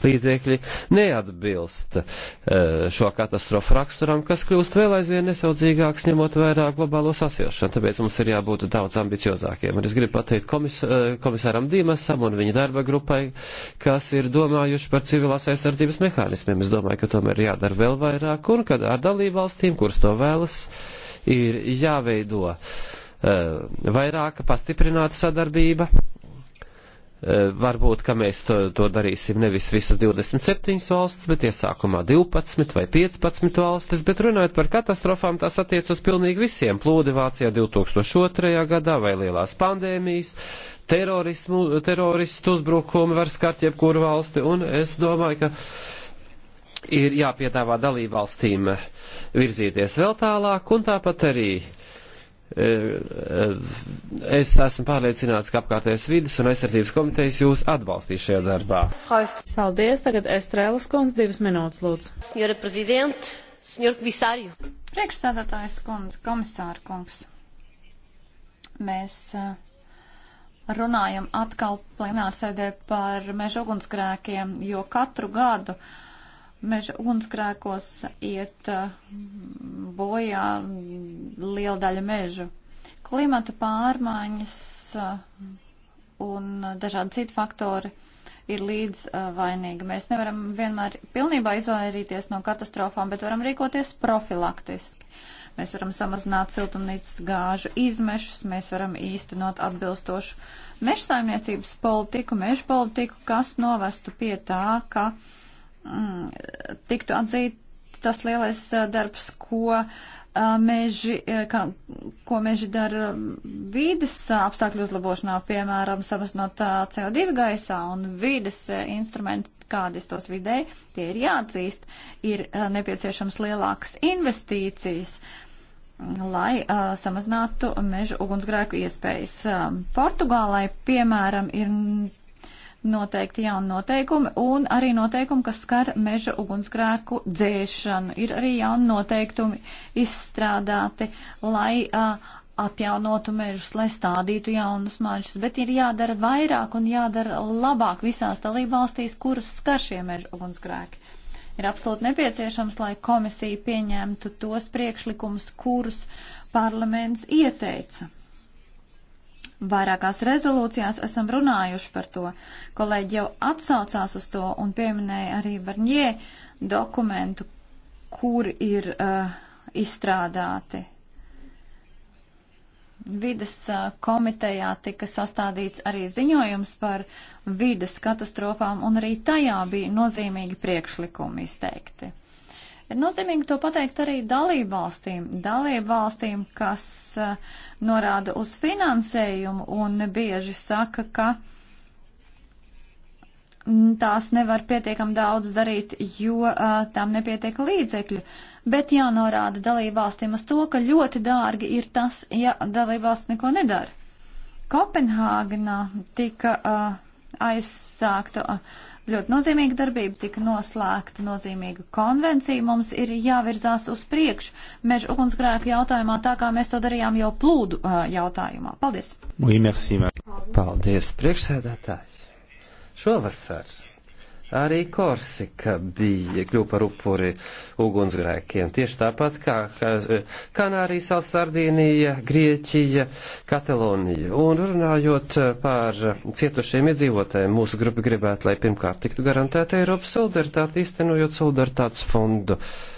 C: līdzekļi neatbilst eh, šo katastrofu raksturam, kas kļūst vēl aizvien nesaudzīgāks, ņemot vērā globālo sasilšanu. Tāpēc mums ir jābūt daudz ambiciozākiem. Un es gribu pateikt komis, eh, komisāram Dīmasam un viņa darba grupai, kas ir domājuši par civilās aizsardzības mehānismiem. Es domāju, ka tomēr jādara vēl vairāk un kad ar dalībvalstīm, kuras to vēlas, ir jāveido eh, vairāka pastiprināta sadarbība. Eh, varbūt, ka mēs to, to darīsim nevis visas 27 valstis, bet iesākumā 12 vai 15 valstis, bet runājot par katastrofām, tas attiec uz pilnīgi visiem. Plūdi Vācijā 2002. gadā vai lielās pandēmijas, terorismu, teroristu uzbrukumi var skart jebkuru valsti, un es domāju, ka ir jāpiedāvā dalībvalstīm virzīties vēl tālāk, un tāpat arī e, e, es esmu pārliecināts, ka apkārtējais vidas un aizsardzības komitejas jūs atbalstīs šajā darbā.
B: Paldies, tagad Estrēlas kundze, divas minūtes lūdzu. Senjora prezident, senjora komisāriju. Priekšsēdētājs kundze, komisāra kungs.
A: Mēs e, runājam atkal plenārsēdē par meža ugunsgrēkiem, jo katru gadu uh, meža ugunsgrēkos iet uh, bojā liela daļa mežu. Klimata pārmaiņas uh, un dažādi citi faktori ir līdz uh, vainīgi. Mēs nevaram vienmēr pilnībā izvairīties no katastrofām, bet varam rīkoties profilaktiski. Mēs varam samazināt siltumnīcas gāžu izmešus, mēs varam īstenot atbilstošu mežsaimniecības politiku, mežpolitiku, kas novestu pie tā, ka uh, Mm, tiktu atzīt tas lielais darbs, ko meži, kā, ko meži dara vīdes apstākļu uzlabošanā, piemēram, samazinot CO2 gaisā un vīdes instrumenti, kādas tos videi, tie ir jāatzīst, ir nepieciešams lielākas investīcijas lai uh, samazinātu meža ugunsgrēku iespējas. Um, Portugālai, piemēram, ir noteikti jauni noteikumi un arī noteikumi, kas skar meža ugunsgrēku dzēšanu. Ir arī jauni noteikumi izstrādāti, lai uh, atjaunotu mežus, lai stādītu jaunus mažus, bet ir jādara vairāk un jādara labāk visās dalībvalstīs, kuras skar šie meža ugunsgrēki. Ir absolūti nepieciešams, lai komisija pieņemtu tos priekšlikumus, kurus parlaments ieteica. Vairākās rezolūcijās esam runājuši par to. Kolēģi jau atsaucās uz to un pieminēja arī Barņē dokumentu, kur ir uh, izstrādāti. Vides uh, komitejā tika sastādīts arī ziņojums par vides katastrofām, un arī tajā bija nozīmīgi priekšlikumi izteikti. Ir nozīmīgi to pateikt arī dalību valstīm, dalību valstīm, kas uh, norāda uz finansējumu un bieži saka, ka tās nevar pietiekam daudz darīt, jo uh, tam nepietiek līdzekļu. Bet jānorāda dalībvalstīm uz to, ka ļoti dārgi ir tas, ja dalībvalsts neko nedara. Kopenhāgenā tika uh, aizsākta. Uh, Ļoti nozīmīga darbība tika noslēgta, nozīmīga konvencija mums ir jāvirzās uz priekšu meža ugunsgrēku jautājumā, tā kā mēs to darījām jau plūdu uh, jautājumā. Paldies!
C: Oui, merci, Paldies, priekšsēdētājs! Šovasar! Arī Korsika bija kļuva par upuri ugunsgrēkiem. Tieši tāpat kā Kanārijas salas Sardīnija, Grieķija, Katalonija. Un runājot par cietušiem iedzīvotājiem, mūsu grupa gribētu, lai pirmkārt tiktu garantēta Eiropas solidaritāte, īstenojot solidaritātes fondu. Uh,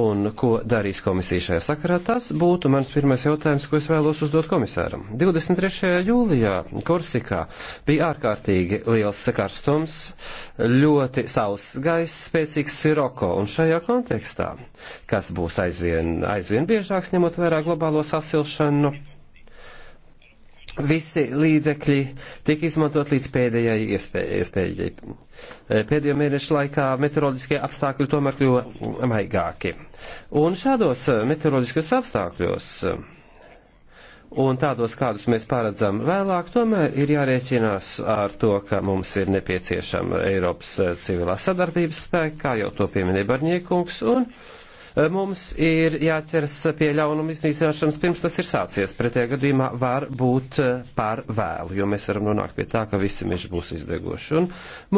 C: un ko darīs komisija šajā sakarā, tas būtu mans pirmais jautājums, ko es vēlos uzdot komisāram. 23. jūlijā Korsikā bija ārkārtīgi liels sakarstums, ļoti sauss gaiss, spēcīgs siroko, un šajā kontekstā, kas būs aizvien, aizvien biežāks, ņemot vērā globālo sasilšanu, visi līdzekļi tika izmantot līdz pēdējai iespējai. Eh, pēdējo mēnešu laikā meteoroloģiskie apstākļi tomēr kļuva maigāki. Un šādos eh, meteoroloģiskos apstākļos eh, un tādos, kādus mēs paredzam vēlāk, tomēr ir jārēķinās ar to, ka mums ir nepieciešama Eiropas civilā sadarbības spēka, kā jau to pieminēja Barņiekungs, un Mums ir jāķers pie ļaunuma iznīcināšanas pirms tas ir sācies. Pretējā gadījumā var būt eh, par vēlu, jo mēs varam nonākt pie tā, ka visi meži būs izdegoši. Un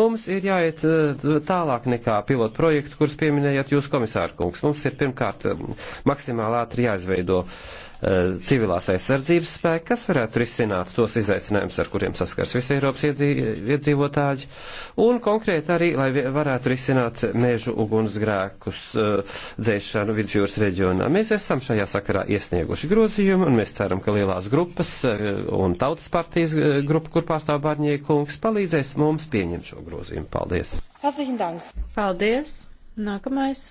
C: mums ir jāiet eh, tālāk nekā pilotu projektu, kurus pieminējāt jūs, komisārkungs. Mums ir pirmkārt eh, maksimāli ātri jāizveido uh, Eh, civilās aizsardzības spēki, kas varētu risināt tos izaicinājumus, ar kuriem saskars visi Eiropas iedzīvotāji, un konkrēti arī, lai varētu risināt mēžu ugunsgrēkus eh, dzēšanu vidusjūras reģionā. Mēs esam šajā sakarā iesnieguši grozījumu, un mēs ceram, ka lielās grupas eh, un tautas partijas grupa, kur pārstāv Barņiekungs, palīdzēs mums pieņemt šo grozījumu. Paldies!
B: Paldies! Nākamais.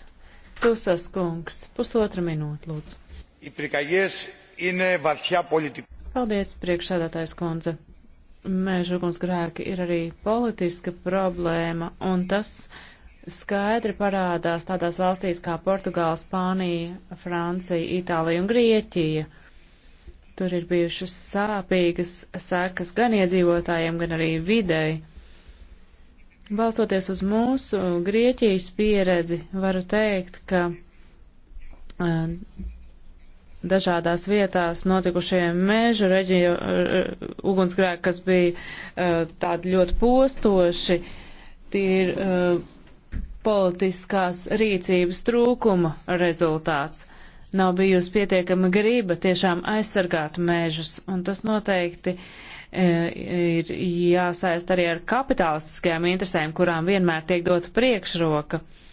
B: Tusas kungs, pusotra minūte, lūdzu.
A: Οι πυρκαγιές είναι βαθιά πολιτικές.
B: Paldies, priekšsēdētājs kundze. Mēžuguns grēki ir arī politiska problēma, un tas skaidri parādās tādās valstīs kā Portugāla, Spānija, Francija, Itālija un Grieķija. Tur ir bijušas sāpīgas sekas gan iedzīvotājiem, gan arī videi. Balstoties uz mūsu Grieķijas pieredzi, varu teikt, ka uh, dažādās vietās notikušie meža reģio, uh, ugunsgrēki, kas bija uh, tādi ļoti postoši, tie ir uh, politiskās rīcības trūkuma rezultāts. Nav bijusi pietiekama grība tiešām aizsargāt mežus, un tas noteikti e, ir jāsaist arī ar kapitalistiskajām interesēm, kurām vienmēr tiek dota priekšroka. Uh,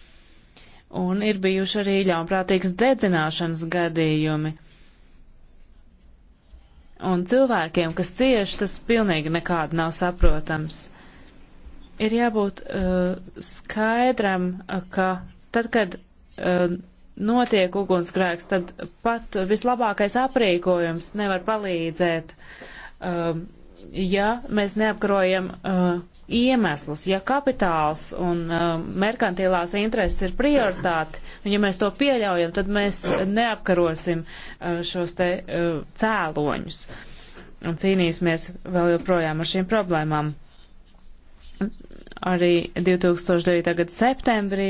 B: un ir bijuši arī ļaunprātīgas dedzināšanas gadījumi. Un cilvēkiem, kas cieši, tas pilnīgi nekādi nav saprotams. Ir jābūt uh, skaidram, uh, ka tad, kad uh, notiek ugunsgrēks, tad pat vislabākais aprīkojums nevar palīdzēt, uh, ja mēs neapkarojam uh, iemeslus. Ja kapitāls un uh, merkantilās intereses ir prioritāti, un ja mēs to pieļaujam, tad mēs neapkarosim uh, šos te uh, cēloņus un cīnīsimies vēl joprojām ar šīm problēmām. Arī 2009. gada septembrī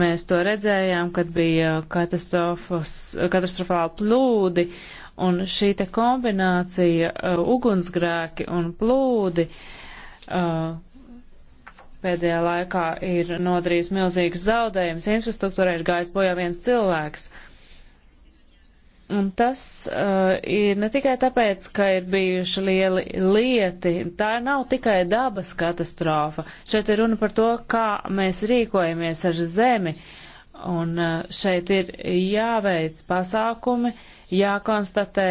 B: mēs to redzējām, kad bija katastrofāli plūdi, un šī te kombinācija uh, ugunsgrēki un plūdi uh, pēdējā laikā ir nodarījis milzīgas zaudējumus. Infrastruktūra ir gājis bojā viens cilvēks. Un tas uh, ir ne tikai tāpēc, ka ir bijuši lieli lieti, tā nav tikai dabas katastrofa. Šeit ir runa par to, kā mēs rīkojamies ar zemi. Un uh, šeit ir jāveic pasākumi, jākonstatē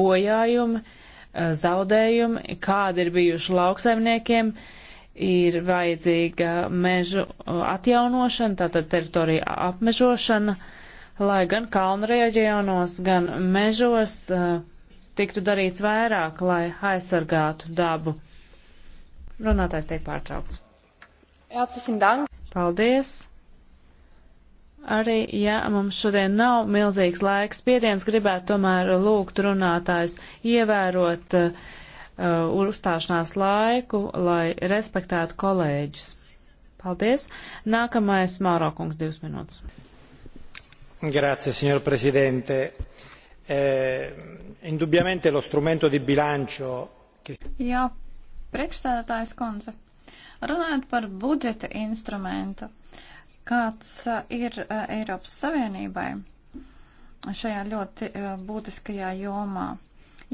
B: bojājumi, uh, zaudējumi, kādi ir bijuši lauksaimniekiem, uh, ir vajadzīga mežu atjaunošana, tātad teritorija apmežošana, lai gan kalnu reģionos, gan mežos uh, tiktu darīts vairāk, lai aizsargātu dabu. Runātājs tiek pārtraukts. Paldies! Arī, ja mums šodien nav milzīgs laiks spiediens, gribētu tomēr lūgt runātājus ievērot uh, Uh, uzstāšanās laiku, lai respektētu kolēģus. Paldies. Nākamais Māro kungs, divas minūtes. Grazie, signor Presidente. Eh, indubbiamente lo strumento di bilancio. Che...
A: Jā, priekšstādātājs konce. Runājot par budžeta instrumentu, kāds eh, ir eh, Eiropas Savienībai šajā ļoti eh, būtiskajā jomā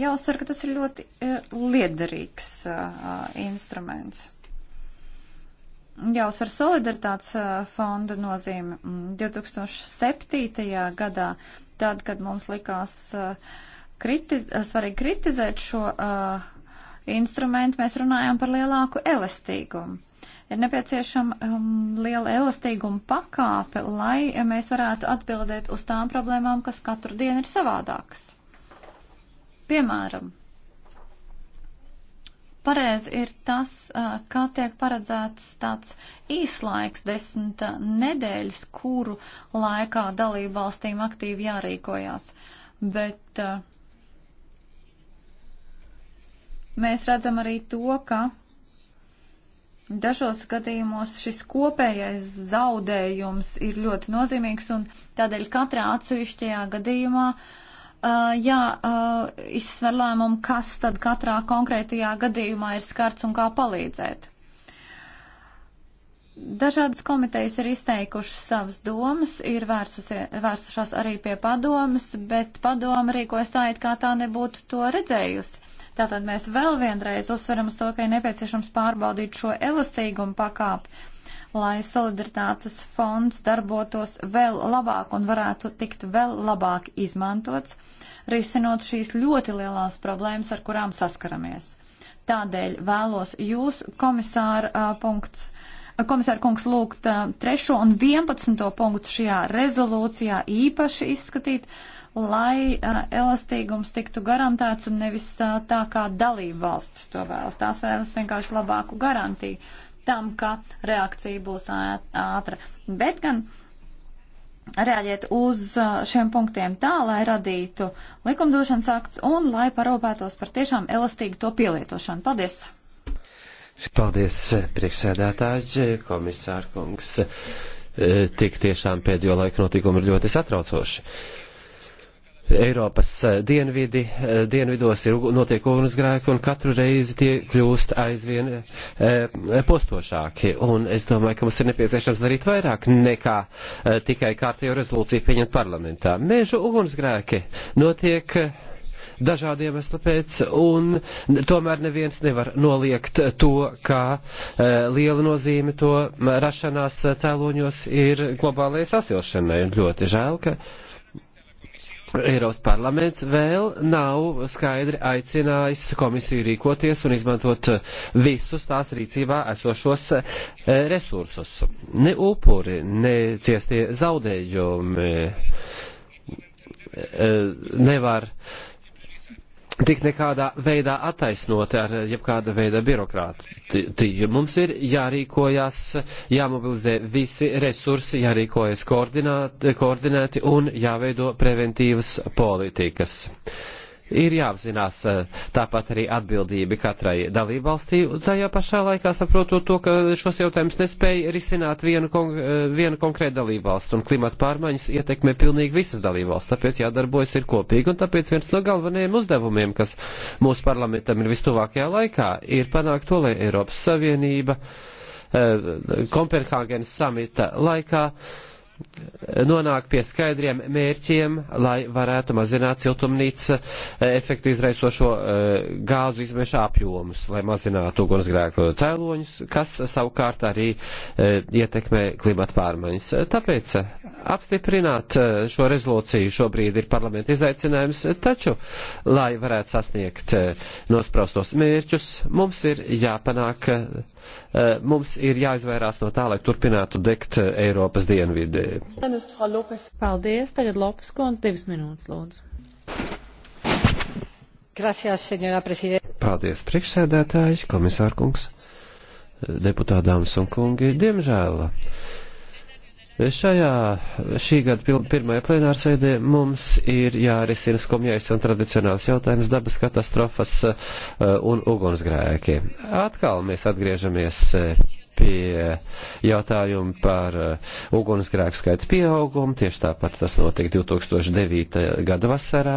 A: Jāuzsver, ka tas ir ļoti e, liederīgs e, instruments. Jāuzsver solidaritātes e, fonda nozīme 2007. Mm, gadā, tad, kad mums likās kritiz, svarīgi kritizēt šo uh, instrumentu, mēs runājām par lielāku elastīgumu ir nepieciešama um, liela elastīguma pakāpe, lai mēs varētu atbildēt uz tām problēmām, kas katru dienu ir savādākas. Piemēram, pareizi ir tas, kā tiek paredzēts tāds īslaiks desmit nedēļas, kuru laikā dalību valstīm aktīvi jārīkojās. Bet mēs redzam arī to, ka Dažos gadījumos šis kopējais zaudējums ir ļoti nozīmīgs, un tādēļ katrā atsevišķajā gadījumā uh, Uh, jāizsver uh, lēmumu, kas tad katrā konkrētajā gadījumā ir skarts un kā palīdzēt. Dažādas komitejas ir izteikušas savas domas, ir vērsušās arī pie padomas, bet padoma rīkojas tā, it kā tā nebūtu to redzējusi. Tātad mēs vēl vienreiz uzsveram uz to, ka ir nepieciešams pārbaudīt šo elastīgumu pakāpi lai solidaritātes fonds darbotos vēl labāk un varētu tikt vēl labāk izmantots, risinot šīs ļoti lielās problēmas, ar kurām saskaramies. Tādēļ vēlos jūs, komisāra punkts, komisāra kungs, lūgt trešo un vienpadsmito punktu šajā rezolūcijā īpaši izskatīt, lai uh, elastīgums tiktu garantēts un nevis uh, tā kā dalība valsts to vēlas. Tās vēlas vienkārši labāku garantiju tam, ka reakcija būs ātra, bet gan reaģēt uz šiem punktiem tā, lai radītu likumdošanas akts un lai parūpētos par tiešām elastīgu to pielietošanu. Paldies!
C: Paldies, priekšsēdētāji, komisārkungs. Tik tiešām pēdējo laiku notikumi ir ļoti satraucoši. Eiropas eh, dienvidi, eh, dienvidos ir notiek ugunsgrēki un katru reizi tie kļūst aizvien e, postošāki. Un es domāju, ka mums ir nepieciešams darīt vairāk nekā e, tikai kārtējo rezolūciju pieņemt parlamentā. Mēžu ugunsgrēki notiek dažādu iemeslu pēc, un tomēr neviens nevar noliegt to, kā e, liela nozīme to rašanās cēloņos ir globālajai sasilšanai. Un ļoti žēl, ka Eiropas parlaments vēl nav skaidri aicinājis komisiju rīkoties un izmantot visus tās rīcībā esošos eh, resursus. Ne upuri, ne ciestie zaudējumi eh, nevar tik nekādā veidā attaisnoti ar jebkāda veida birokrātiju. Mums ir jārīkojas, jāmobilizē visi resursi, jārīkojas koordinēti un jāveido preventīvas politikas ir jāapzinās eh, tāpat arī atbildība katrai dalībvalstī, tajā pašā laikā saprotot to, ka šos jautājumus nespēja risināt viena, kon eh, viena konkrēta dalībvalsts, un klimata pārmaiņas ietekmē pilnīgi visas dalībvalsts, tāpēc jādarbojas ir kopīgi, un tāpēc viens no galvenajiem uzdevumiem, kas mūsu parlamentam ir vistuvākajā laikā, ir panākt to, lai Eiropas Savienība eh, Kopenhāgenes samita laikā nonāk pie skaidriem mērķiem, lai varētu mazināt siltumnīca eh, efektu izraisošo eh, gāzu izmešu apjomus, lai mazinātu ugunsgrēku cēloņus, kas savukārt arī eh, ietekmē klimata pārmaiņas. Tāpēc Apstiprināt eh, šo rezolūciju šobrīd ir parlamenta izaicinājums, taču, lai varētu sasniegt eh, nospraustos mērķus, mums ir jāpanāk, eh, mums ir jāizvairās no tā, lai turpinātu degt Eiropas dienvidē.
B: Paldies, tagad Lopes kundze, divas minūtes lūdzu. Gracias, senora prezidente.
C: Paldies, priekšsēdētājs, komisārkungs deputātām un kungi, diemžēl Šajā šī gada pirmajā plenārsēdē mums ir jārisina skumjais un tradicionāls jautājums dabas katastrofas eh, un ugunsgrēki. Atkal mēs atgriežamies eh, pie jautājuma par uh, ugunsgrēku skaitu pieaugumu. Tieši tāpat tas notika 2009. gada vasarā.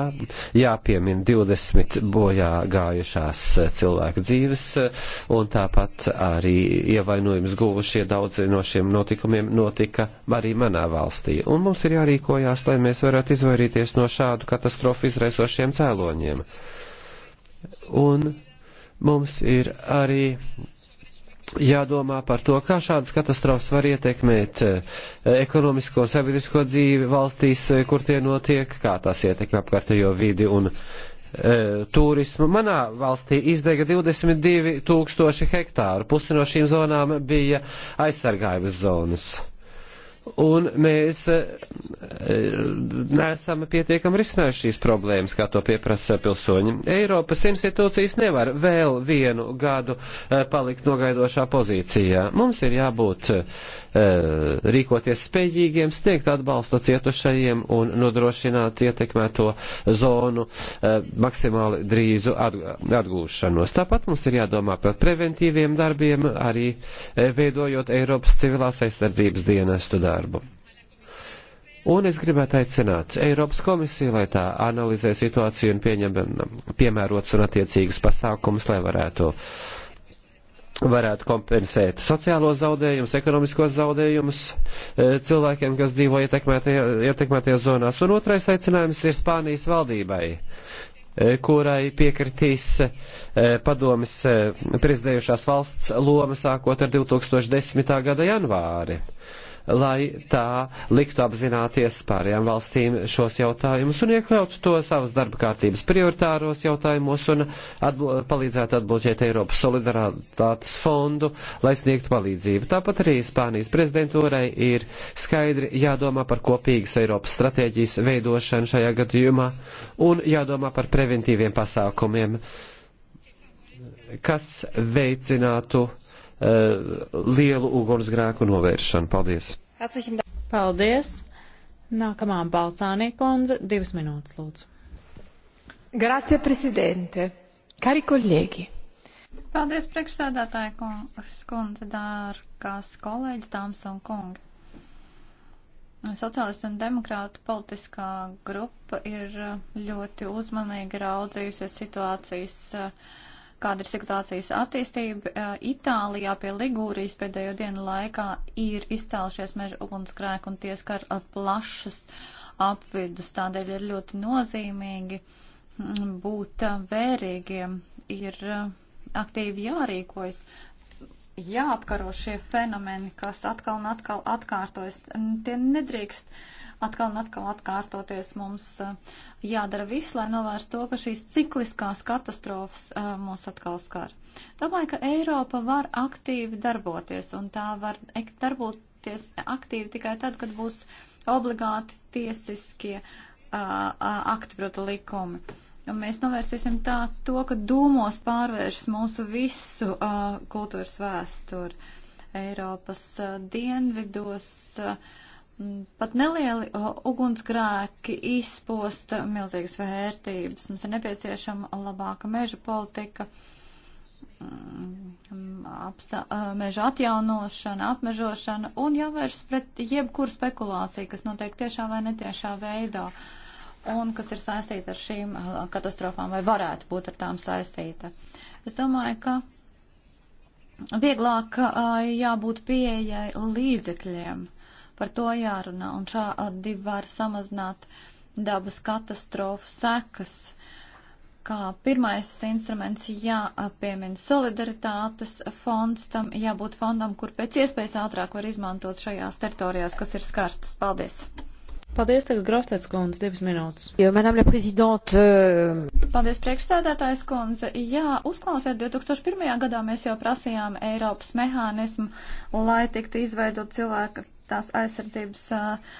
C: Jāpiemina 20 bojā gājušās uh, cilvēku dzīves, uh, un tāpat arī ievainojums guvušie daudzi no šiem notikumiem notika arī manā valstī. Un mums ir jārīkojās, lai mēs varētu izvairīties no šādu katastrofu izraisošiem cēloņiem. Un mums ir arī jādomā par to, kā šādas katastrofas var ietekmēt eh, ekonomisko sabiedrisko dzīvi valstīs, eh, kur tie notiek, kā tās ietekmē apkārtējo vidi un e, turismu. Manā valstī izdega 22 tūkstoši hektāru, pusi no šīm zonām bija aizsargājums zonas un mēs eh, neesam pietiekami risinājuši šīs problēmas, kā to pieprasa pilsoņi. Eiropas institūcijas nevar vēl vienu gadu eh, palikt nogaidošā pozīcijā. Mums ir jābūt eh, Eh, rīkoties spējīgiem, sniegt atbalstu cietušajiem un nodrošināt ietekmēto zonu eh, maksimāli drīzu atgūšanos. Tāpat mums ir jādomā par preventīviem darbiem, arī eh, veidojot Eiropas civilās aizsardzības dienestu darbu. Un es gribētu aicināt Eiropas komisiju, lai tā analizē situāciju un pieņem piemērots un attiecīgus pasākumus, lai varētu uh, varētu kompensēt sociālos zaudējumus, ekonomiskos zaudējumus e, cilvēkiem, kas dzīvo ietekmētajās zonās. Un otrais aicinājums ir Spānijas valdībai, e, kurai piekritīs e, padomis prezidējušās valsts loma sākot ar 2010. gada janvāri lai tā liktu apzināties pārējām valstīm šos jautājumus un iekļautu to savas darba kārtības prioritāros jautājumos un atbl palīdzētu atbloķēt Eiropas solidaritātes fondu, lai sniegtu palīdzību. Tāpat arī Spānijas prezidentūrai ir skaidri jādomā par kopīgas Eiropas stratēģijas veidošanu šajā gadījumā un jādomā par preventīviem pasākumiem, kas veicinātu Eh, lielu ugunsgrēku novēršanu. Paldies!
B: Paldies! Nākamā Balcānī kundze, divas minūtes lūdzu. Grazie, prezidente! Cari kolēģi!
A: Paldies, priekšsēdētāja kundze, dārgās kolēģis, dāmas un kungi! Sociālistu un demokrātu politiskā grupa ir ļoti uzmanīgi raudzījusies situācijas uh, kāda ir situācijas attīstība. Itālijā pie Ligūrijas pēdējo dienu laikā ir izcēlušies meža ugunsgrēki un tie skar plašas apvidus. Tādēļ ir ļoti nozīmīgi hm, būt vērīgiem, ir aktīvi jārīkojas, jāapkaro šie fenomeni, kas atkal un atkal atkārtojas. Tie nedrīkst atkal un atkal atkārtoties. Mums eh, jādara viss, lai novērstu to, ka šīs cikliskās katastrofas eh, mūs atkal skar. Domāju, ka Eiropa var aktīvi darboties, un tā var darboties aktīvi tikai tad, kad būs obligāti tiesiskie eh, akti proti likumi. Un mēs novērsīsim tā to, ka dūmos pārvēršas mūsu visu uh, kultūras vēsturi. Eiropas uh, dienvidos uh, Mm, pat nelieli ugunsgrēki izposta milzīgas vērtības. Mums ir nepieciešama labāka meža politika, mm, apstā, meža atjaunošana, apmežošana un jāvērst pret jebkuru spekulāciju, kas notiek tiešā vai netiešā veidā un kas ir saistīta ar šīm katastrofām vai varētu būt ar tām saistīta. Es domāju, ka vieglāk jābūt pieejai līdzekļiem Par to jārunā. Un šādi var samazināt dabas katastrofu sekas. Kā pirmais instruments jāpiemina solidaritātes fonds, tam jābūt fondam, kur pēc iespējas ātrāk var izmantot šajās teritorijās, kas ir skarstas. Paldies!
B: Paldies, tagad Grostēts kundze, divas minūtes. Jo, madame la prezidente. Euh,
A: Paldies, priekšsēdētājs kundze. Jā, uzklausiet, 2001. gadā mēs jau prasījām Eiropas mehānismu, lai tiktu izveidot cilvēka tās aizsardzības uh,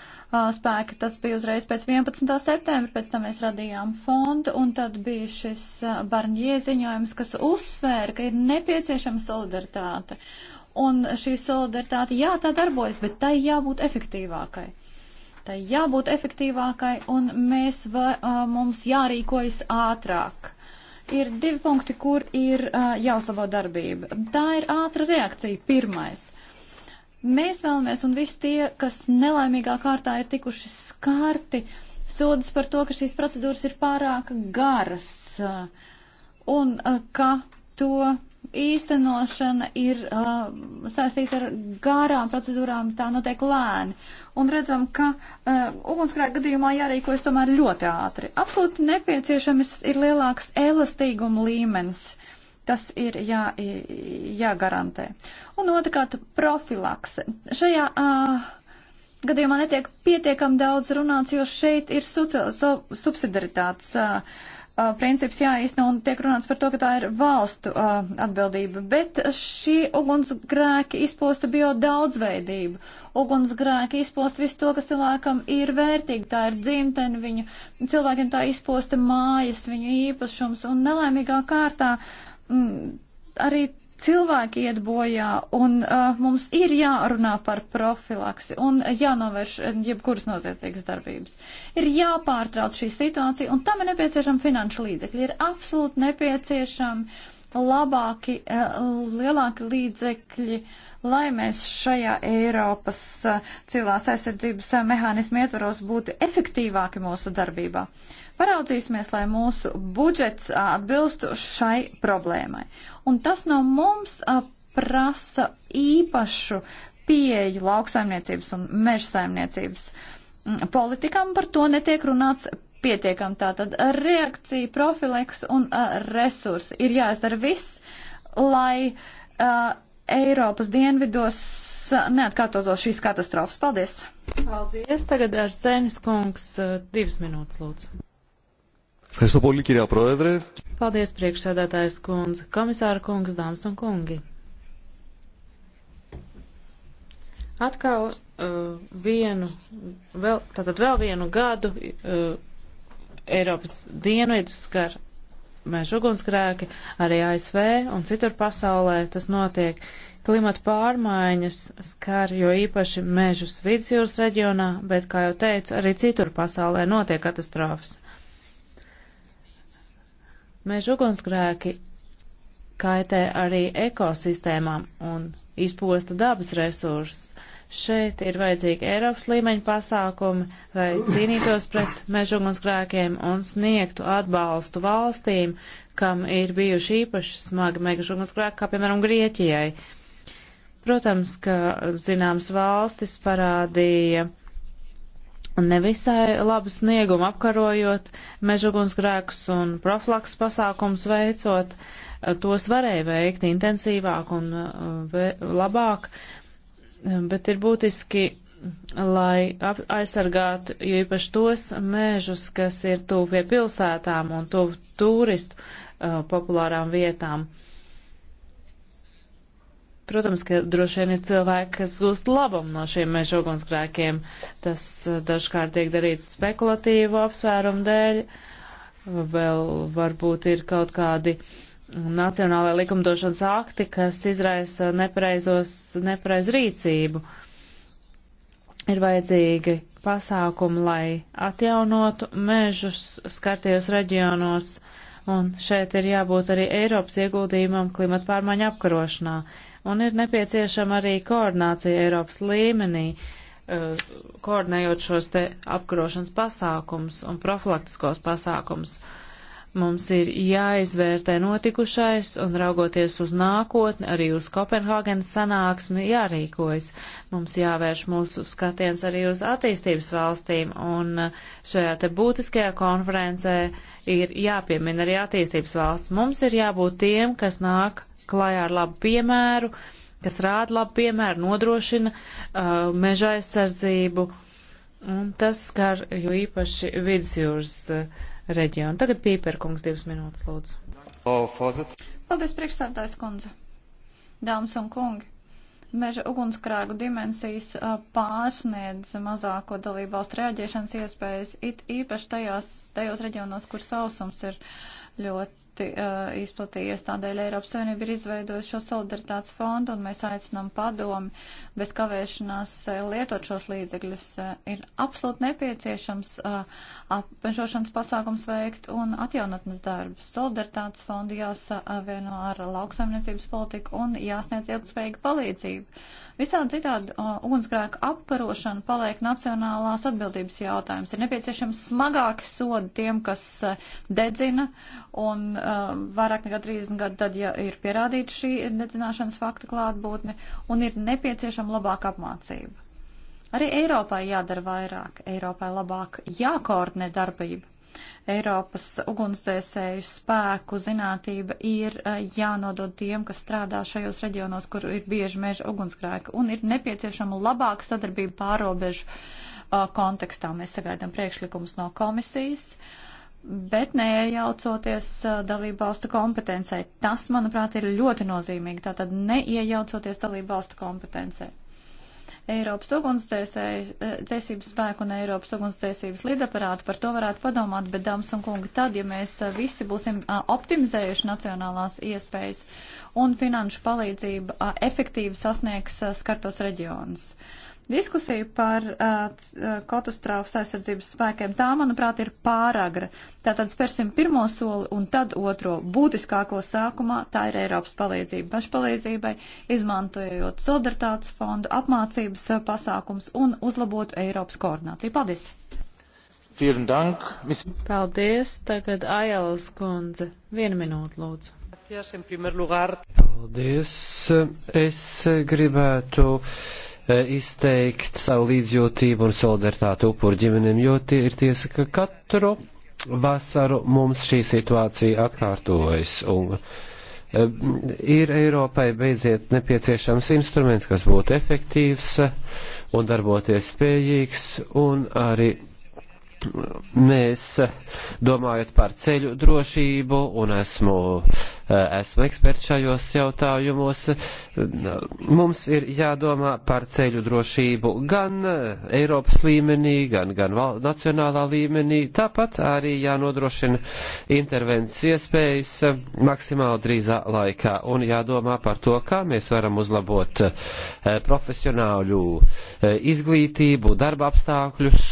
A: spēki. Tas bija uzreiz pēc 11. septembra, pēc tam mēs radījām fondu, un tad bija šis Barņie ziņojums, kas uzsvēra, ka ir nepieciešama solidaritāte. Un šī solidaritāte, jā, tā darbojas, bet tai jābūt efektīvākai. Tai jābūt efektīvākai, un mēs, va, mums jārīkojas ātrāk. Ir divi punkti, kur ir uh, jāuzlabo darbība. Tā ir ātra reakcija, pirmais Mēs vēlamies, un visi tie, kas nelaimīgā kārtā ir tikuši skarti, sodas par to, ka šīs procedūras ir pārāk garas un ka to īstenošana ir uh, saistīta ar gārām procedūrām, tā notiek lēni. Un redzam, ka uh, ugunsgrēku gadījumā jārīkojas tomēr ļoti ātri. Absolūti nepieciešams ir lielāks elastīguma līmenis Tas ir jā, jāgarantē. Un otrkārt, profilakse. Šajā uh, gadījumā netiek pietiekam daudz runāts, jo šeit ir subsidaritātes uh, uh, princips jāīsteno un tiek runāts par to, ka tā ir valstu uh, atbildība. Bet šī ugunsgrēki izposta bio daudzveidību. Ugunsgrēki izposta visu to, kas cilvēkam ir vērtīgi. Tā ir dzimtene, viņu cilvēkiem tā izposta mājas, viņu īpašums un nelaimīgā kārtā. Uh, Mm, arī cilvēki iet bojā, un uh, mums ir jārunā par profilaksi un jānovērš eh, jebkuras noziedzīgas darbības. Ir jāpārtrauc šī situācija, un tam ir nepieciešama finanšu līdzekļi. Ir absolūti nepieciešami labāki, uh, lielāki līdzekļi uh, lai mēs šajā Eiropas civilās aizsardzības mehānismu ietvaros būtu efektīvāki mūsu darbībā. Paraudzīsimies, lai mūsu budžets atbilstu šai problēmai. Un tas no mums prasa īpašu pieeju lauksaimniecības un mežsaimniecības politikām, par to netiek runāts pietiekam. Tātad reakcija, profilaks un uh, resursi ir jāizdara viss, lai uh, Eiropas dienvidos neatkārtotos šīs katastrofas. Paldies!
B: Paldies! Tagad ar Zēnis kungs eh, divas minūtes lūdzu.
C: Ευχαριστώ πολύ κυρία Πρόεδρε.
B: Paldies, priekšsēdētājs kundze, komisāra kungs, dāmas un kungi. Atkal uh, vienu, vēl, tātad vēl vienu gadu uh, Eiropas dienvidu skar meža ugunsgrēki, arī ASV un citur pasaulē tas notiek. Klimata pārmaiņas skar jo īpaši mežus vidusjūras reģionā, bet, kā jau teicu, arī citur pasaulē notiek katastrofas. Meža ugunsgrēki kaitē arī ekosistēmām un izposta dabas resursus. Šeit ir vajadzīgi Eiropas līmeņa pasākumi, lai cīnītos pret mežugunsgrēkiem un sniegtu atbalstu valstīm, kam ir bijuši īpaši smagi mežugunsgrēki, kā piemēram Grieķijai. Protams, ka zināms valstis parādīja nevisai labu sniegumu apkarojot mežugunsgrēkus un profilaks pasākums veicot. Tos varēja veikt intensīvāk un uh, labāk, bet ir būtiski, lai ap, aizsargātu jo īpaši tos mēžus, kas ir tuvu pie pilsētām un tuvu turistu uh, populārām vietām. Protams, ka droši vien ir cilvēki, kas gūst labumu no šiem meža ugunsgrēkiem. Tas uh, dažkārt tiek darīts spekulatīvu apsvērumu dēļ. Vēl varbūt ir kaut kādi uh, nacionālajie likumdošanas akti, kas izraisa nepareizu rīcību. Ir vajadzīgi pasākumi, lai atjaunotu mežus skartajos reģionos, un šeit ir jābūt arī Eiropas ieguldījumam klimata pārmaiņu apkarošanā, un ir nepieciešama arī koordinācija Eiropas līmenī, eh, koordinējot šos te apkarošanas pasākums un profilaktiskos pasākums. Uh, Mums ir jāizvērtē notikušais un raugoties uz nākotni, arī uz Kopenhāgenes sanāksmi jārīkojas. Mums jāvērš mūsu skatiens arī uz attīstības valstīm un šajā te būtiskajā konferencē ir jāpiemina arī attīstības valsts. Mums ir jābūt tiem, kas nāk klajā ar labu piemēru, kas rāda labu piemēru, nodrošina uh, meža aizsardzību. Un tas skar jo īpaši vidusjūras. Uh, reģionu. Tagad Pīperkungs divas minūtes lūdzu.
A: Paldies, priekšstādājs kundze. Dāmas un kungi. Meža ugunskrēku dimensijas pārsniedz mazāko dalībvalstu reaģēšanas iespējas, it īpaši tajās, tajos reģionos, kur sausums ir ļoti ļoti uh, eh, izplatījies. Tādēļ Eiropas Savienība ir izveidojusi šo solidaritātes fondu, un mēs aicinām padomi bez kavēšanās eh, lietot šos līdzekļus. Eh, ir absolūti nepieciešams uh, apmežošanas pasākums veikt un atjaunatnes darbus. Solidaritātes fondu jāsavieno ar lauksaimniecības politiku un jāsniedz ilgspējīga palīdzība. Uh, Visādi citādi uh, ugunsgrēka apkarošana paliek nacionālās atbildības jautājums. Ir nepieciešams smagāki sodi tiem, kas uh, dedzina, un uh, vairāk nekā 30 gadu tad, ja ir pierādīta šī dedzināšanas fakta klātbūtne, un ir nepieciešama labāka apmācība. Arī Eiropai jādara vairāk, Eiropai labāk jākoordinē darbība. Eiropas ugunsdzēsēju spēku zinātība ir eh, jānodod tiem, kas strādā šajos reģionos, kur ir bieži meža ugunsgrēki, un ir nepieciešama labāka sadarbība pārobežu eh, kontekstā. Mēs sagaidām priekšlikumus no komisijas, bet neiejaucoties eh, dalību valstu kompetencei. Tas, manuprāt, ir ļoti nozīmīgi, tātad neiejaucoties dalību valstu kompetencei. Eiropas ugunsdzēsības eh, spēku un Eiropas ugunsdzēsības lidaparātu. Par to varētu padomāt, bet, dāmas un kungi, tad, ja mēs eh, visi būsim eh, optimizējuši nacionālās iespējas un finanšu palīdzību efektīvi sasniegs skartos reģionus. Uh, Diskusija par uh, katastrofas aizsardzības spēkiem tā, manuprāt, ir pāragra. Tātad spērsim pirmo soli un tad otro būtiskāko sākumā. Tā ir Eiropas palīdzība pašpalīdzībai, izmantojot solidaritātes fondu, apmācības uh, pasākums un uzlabotu Eiropas koordināciju. Paldies!
B: Paldies! Tagad Ajelas kundze. Vienu minūtu lūdzu.
C: Paldies! Es gribētu E, izteikt savu līdzjūtību un solidaritāti upuru ģimenēm, jo tie ir tiesa, ka katru vasaru mums šī situācija atkārtojas. Un, e, ir Eiropai beidziet nepieciešams instruments, kas būtu efektīvs un darboties spējīgs un arī mēs eh, domājot par ceļu drošību, un esmu, eh, esmu eksperts šajos jautājumos, mums ir jādomā par ceļu drošību gan eh, Eiropas līmenī, gan, gan val, nacionālā līmenī, tāpat arī jānodrošina intervences iespējas maksimāli drīzā laikā, un jādomā par to, kā mēs varam uzlabot profesionāļu izglītību, darba apstākļus,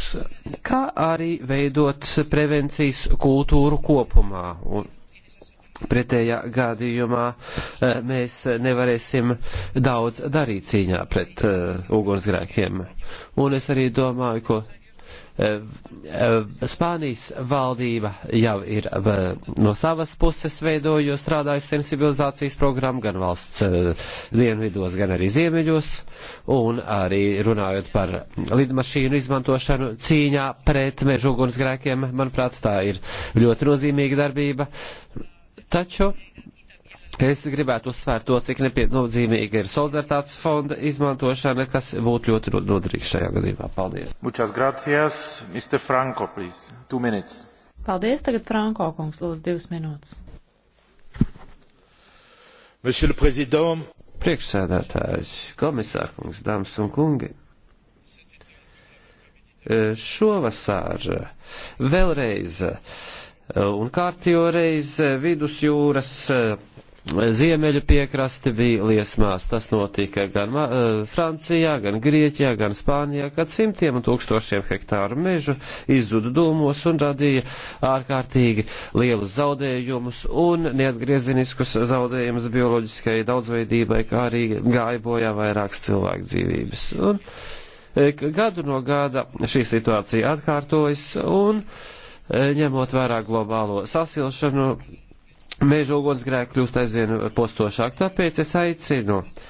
C: kā arī arī veidot prevencijas kultūru kopumā. Un pretējā gadījumā eh, mēs nevarēsim daudz darīt cīņā pret uh, ugunsgrēkiem. Un es arī domāju, ka Eh, Spānijas valdība jau ir eh, no savas puses veidojusi, strādājusi sensibilizācijas programmu gan valsts eh, dienvidos, gan arī ziemeļos, un arī runājot par lidmašīnu izmantošanu cīņā pret mežu ugunsgrēkiem, manuprāt, tā ir ļoti nozīmīga darbība. Taču Es gribētu uzsvērt to, cik nozīmīga ir solidaritātes fonda izmantošana, kas būtu ļoti noderīga šajā gadījumā. Paldies. Muchas gracias, Mr. Franco, please. Two minutes.
B: Paldies, tagad Franko kungs, lūdzu, divas minūtes.
C: Monsieur le Président. Priekšsēdētājs, komisārkungs, dāmas un kungi. E, Šovasār vēlreiz e, un kārtējo reiz e, vidusjūras ziemeļu piekraste bija liesmās. Tas notika gan eh, Francijā, gan Grieķijā, gan Spānijā, kad simtiem un tūkstošiem hektāru mežu izzuda dūmos un radīja ārkārtīgi lielus zaudējumus un neatgriezeniskus zaudējumus bioloģiskai daudzveidībai, kā arī gāja bojā vairākas cilvēku dzīvības. Un, eh, gadu no gada šī situācija atkārtojas un eh, ņemot vērā globālo sasilšanu, Mēža ugunsgrēki kļūst aizvien postošāk, tāpēc es aicinu uh,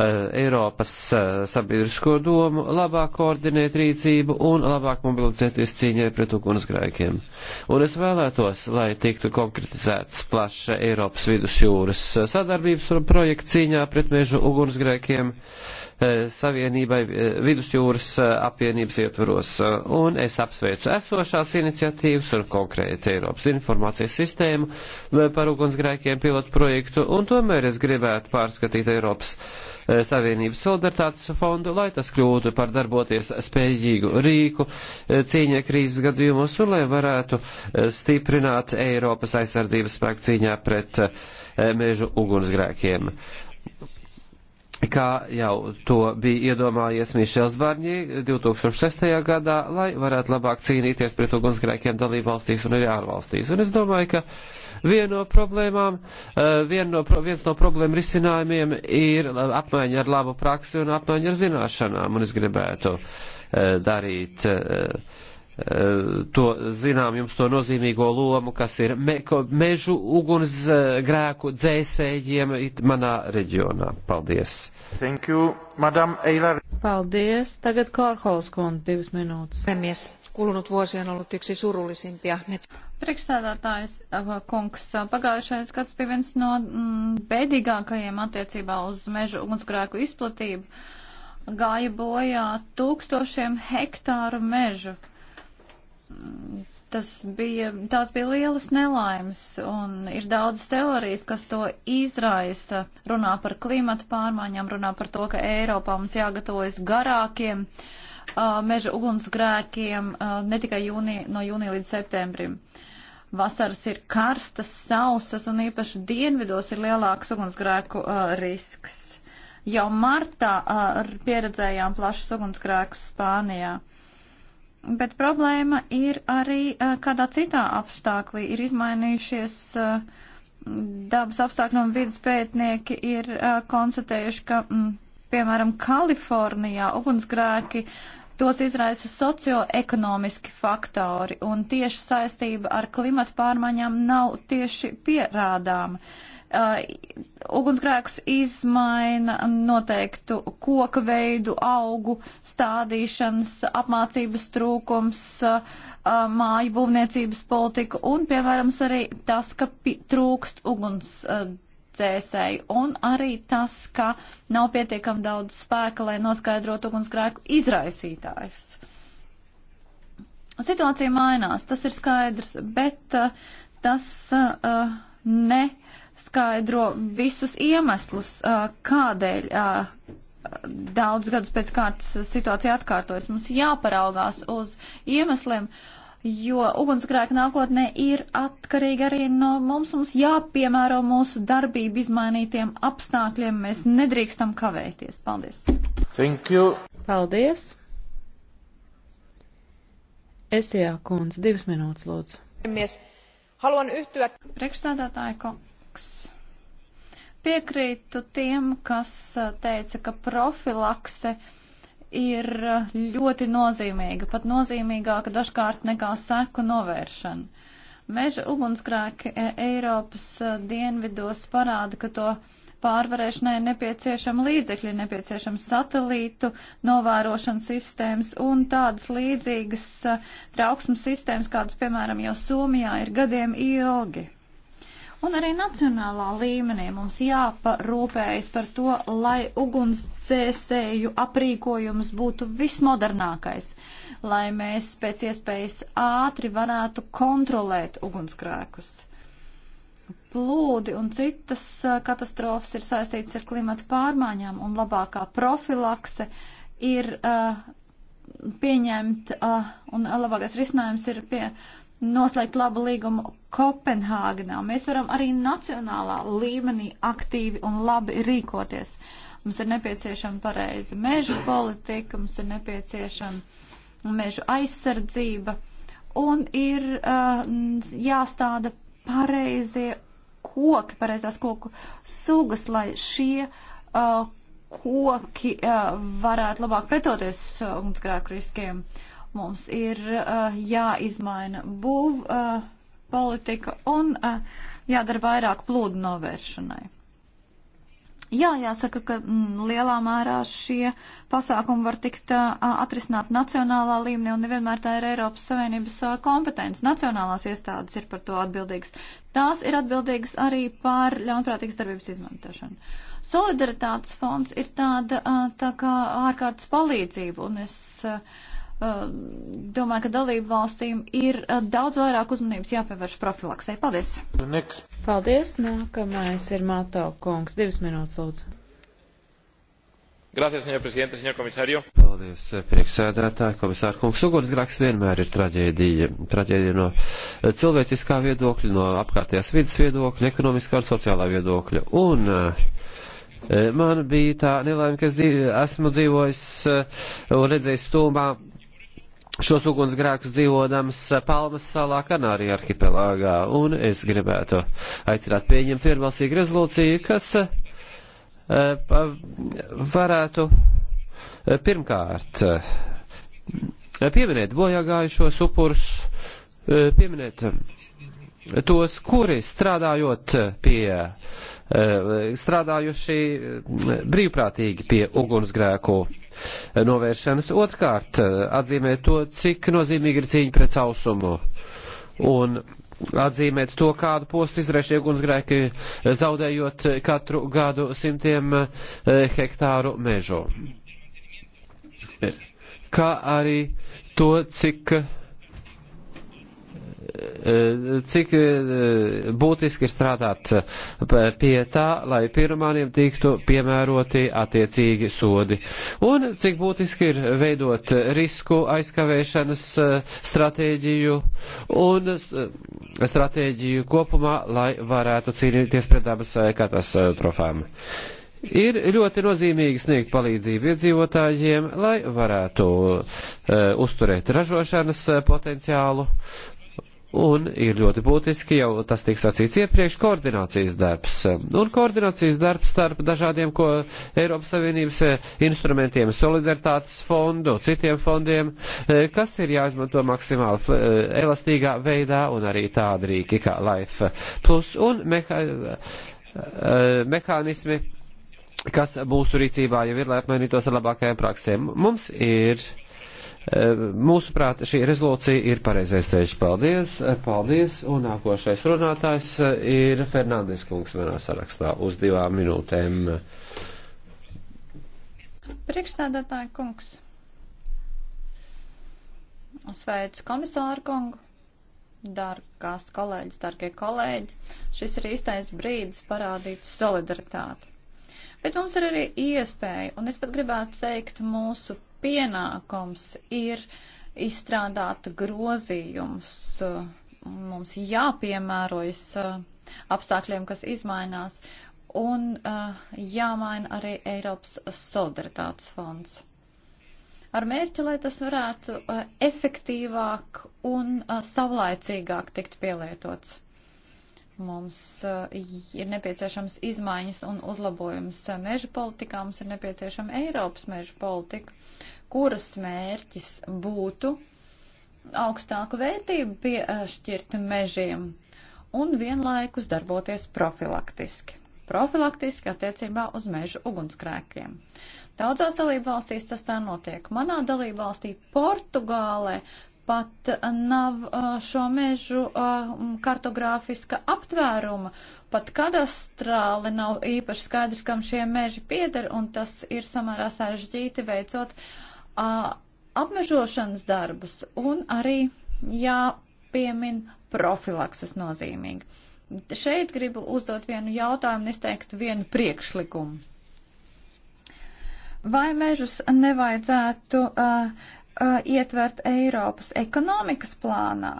C: Eiropas uh, sabiedrisko domu labāk koordinēt rīcību un labāk mobilizēties cīņai pret ugunsgrēkiem. Un es vēlētos, lai tiktu konkretizēts plaša Eiropas vidusjūras eh, sadarbības projekta cīņā pret mēžu ugunsgrēkiem, Eh, Savienībai eh, Vidusjūras eh, apvienības ietvaros. Un es apsveicu esošās iniciatīvas un konkrēti Eiropas informācijas sistēmu par ugunsgrēkiem pilotu projektu, un tomēr es gribētu pārskatīt Eiropas Savienības solidaritātes fondu, lai tas kļūtu par darboties spējīgu rīku cīņā krīzes gadījumos un lai varētu stiprināt Eiropas aizsardzības spēku cīņā pret mēžu ugunsgrēkiem kā jau to bija iedomājies Mišels Barņē 2006. gadā, lai varētu labāk cīnīties pret ugunsgrēkiem dalībvalstīs un arī ārvalstīs. Un es domāju, ka viena no problēmām, eh, vien no, viens no problēmu risinājumiem ir eh, apmaiņa ar labu praksi un apmaiņa ar zināšanām, un es gribētu eh, darīt Eh, to zinām jums to nozīmīgo lomu, kas ir me, mežu ugunsgrēku eh, dzēsējiem manā reģionā. Paldies!
B: Thank you, Madam Eilar. Paldies. Tagad Korholas kundze divas minūtes. Mies. Kulunut vuosi on ollut yksi surullisimpia metsä... Priekšsēdētājs eh, kungs, pagājušais
A: gads bija viens no mm, bēdīgākajiem attiecībā uz mežu ugunsgrēku izplatību. Gāja bojā tūkstošiem hektāru mežu tas bija, tās bija lielas nelaimes, un ir daudz teorijas, kas to izraisa. Runā par klimatu pārmaiņām, runā par to, ka Eiropā mums jāgatavojas garākiem uh, meža ugunsgrēkiem uh, ne tikai jūnī, no jūnija līdz septembrim. Vasaras ir karstas, sausas, un īpaši dienvidos ir lielāks ugunsgrēku uh, risks. Jau martā uh, pieredzējām plašas ugunsgrēkus Spānijā. Uh, Bet problēma ir arī kādā citā apstāklī. Ir izmainījušies dabas apstākļi un vidas pētnieki ir konstatējuši, ka, mm, piemēram, Kalifornijā ugunsgrēki tos izraisa socioekonomiski faktori un tieši saistība ar klimatu pārmaiņām nav tieši pierādāma. Uh, ugunsgrēkus izmaina noteiktu koka veidu, augu stādīšanas, apmācības trūkums, uh, māju būvniecības politika un, piemēram, arī tas, ka trūkst uguns. Cēsēju, uh, un arī tas, ka nav pietiekam daudz spēka, lai noskaidrotu ugunsgrēku izraisītājus. Situācija mainās, tas ir skaidrs, bet uh, tas uh, ne jāpaskaidro visus iemeslus, kādēļ daudz gadus pēc kārtas situācija atkārtojas. Mums jāparaugās uz iemesliem, jo ugunsgrēka nākotnē ir atkarīga arī no mums. Mums jāpiemēro mūsu darbību izmainītiem apstākļiem. Mēs nedrīkstam kavēties. Paldies!
B: Thank you! Paldies! Esijā kundze, divas minūtes lūdzu. Haluan yhtyä... Priekšstādātāja, ko profilaks.
A: Piekrītu tiem, kas eh, teica, ka profilakse ir eh, ļoti nozīmīga, pat nozīmīgāka dažkārt nekā seku novēršana. Meža ugunsgrēki eh, Eiropas dienvidos parāda, ka to pārvarēšanai nepieciešama līdzekļi, nepieciešama satelītu novērošanas sistēmas un tādas līdzīgas trauksmes sistēmas, kādas, piemēram, jau Somijā ir gadiem ilgi. Un arī nacionālā līmenī mums jāparūpējas par to, lai ugunsdzēsēju aprīkojums būtu vismodernākais, lai mēs pēc iespējas ātri varētu kontrolēt ugunsgrēkus. Plūdi un citas uh, katastrofas ir saistītas ar klimatu pārmaiņām, un labākā profilakse ir uh, pieņemt, uh, un labākais risinājums ir pie, uh, noslēgt labu līgumu Kopenhāgenā. Mēs varam arī nacionālā līmenī aktīvi un labi rīkoties. Mums ir nepieciešama pareiza meža politika, mums ir nepieciešama meža aizsardzība un ir uh, jāstāda pareizie koki, pareizās koku sugas, lai šie uh, koki uh, varētu labāk pretoties ugunsgrēku riskiem. Uh, Mums ir uh, jāizmaina būv uh, politika un uh, jādara vairāk plūdu novēršanai. Jā, jāsaka, ka m, mm, lielā mērā šie pasākumi var tikt uh, atrisināt nacionālā līmenī un nevienmēr tā ir Eiropas Savienības uh, kompetence. Nacionālās iestādes ir par to atbildīgas. Tās ir atbildīgas arī par ļaunprātīgas darbības izmantošanu. Solidaritātes fonds ir tāda uh, tā kā ārkārtas palīdzība un es. Uh, domāju, ka dalību valstīm ir eh, daudz vairāk uzmanības jāpievērš profilaksē. Paldies! Next. Paldies!
B: Nākamais ir Mato kungs. Divas minūtes, lūdzu.
C: Gracias, señor
A: presidente, señor comisario.
C: Paldies, eh, priekšsēdētāji, komisāra kungs. Ugunsgrēks vienmēr ir traģēdija. Traģēdija no eh, cilvēciskā viedokļa, no apkārtējās vidas viedokļa, ekonomiskā un sociālā viedokļa. Un uh, Man bija tā nelaime, ka es dzīv, esmu dzīvojis un redzējis stūmā šos ugunsgrēkus dzīvodams Palmas salā Kanārija arhipelāgā, un es gribētu aicināt pieņemt vienbalsīgu rezolūciju, kas uh, varētu eh, pirmkārt eh, pieminēt bojāgājušos upurus, pieminēt tos, kuri strādājot pie, eh, strādājuši eh, brīvprātīgi pie ugunsgrēku eh, novēršanas. Otrkārt, atzīmē to, cik nozīmīgi ir cīņa pret sausumu. Un atzīmēt to, kādu postu izraišie ugunsgrēki, zaudējot katru gadu simtiem hektāru mežu. Kā arī to, cik Eh, cik eh, būtiski ir strādāt eh, pie tā, lai pirmāniem tiktu piemēroti attiecīgi sodi. Un cik būtiski ir veidot risku aizkavēšanas stratēģiju un stratēģiju kopumā, lai varētu cīnīties pret dabas katastrofām. Ir ļoti nozīmīgi sniegt palīdzību iedzīvotājiem, lai varētu e, uzturēt ražošanas potenciālu Un ir ļoti būtiski, jau tas tiks sacīts iepriekš, koordinācijas darbs. Un koordinācijas darbs starp dažādiem ko Eiropas Savienības eh, instrumentiem, solidaritātes fondu, citiem fondiem, eh, kas ir jāizmanto maksimāli eh, elastīgā veidā un arī tādi rīki kā Life Plus un meha mehānismi, kas mūsu rīcībā jau ir, lai apmainītos ar labākajām praksēm. Mums ir Eh, mūsuprāt, šī rezolūcija ir pareizais ceļš. Paldies, eh, paldies, un nākošais runātājs eh, ir Fernandes kungs manā sarakstā uz divām minūtēm.
A: Priekšsēdētāja kungs. Sveicu komisāru kungu, dārgās kolēģis, dārgie kolēģi. Šis ir īstais brīdis parādīt solidaritāti. Bet mums ir arī iespēja, un es pat gribētu teikt mūsu pienākums ir izstrādāt grozījumus. Mums jāpiemērojas uh, apstākļiem, kas izmainās, un uh, jāmaina arī Eiropas solidaritātes fonds ar mērķi, lai tas varētu uh, efektīvāk un savlaicīgāk tikt pielietots. Mums eh, ir nepieciešams izmaiņas un uzlabojums meža politikā, mums ir nepieciešama Eiropas meža politika, kuras mērķis būtu augstāku vērtību piešķirt mežiem un vienlaikus darboties profilaktiski. Profilaktiski attiecībā uz meža ugunskrēkiem. Daudzās dalībvalstīs tas tā notiek. Manā dalībvalstī Portugālē pat nav šo mežu kartogrāfiska aptvēruma, pat kadastrāli nav īpaši skaidrs, kam šie meži pieder, un tas ir samērā sarežģīti veicot apmežošanas darbus, un arī jāpiemin profilakses nozīmīgi. Šeit gribu uzdot vienu jautājumu un izteikt vienu priekšlikumu. Vai mežus nevajadzētu uh, uh, ietvert Eiropas ekonomikas plānā.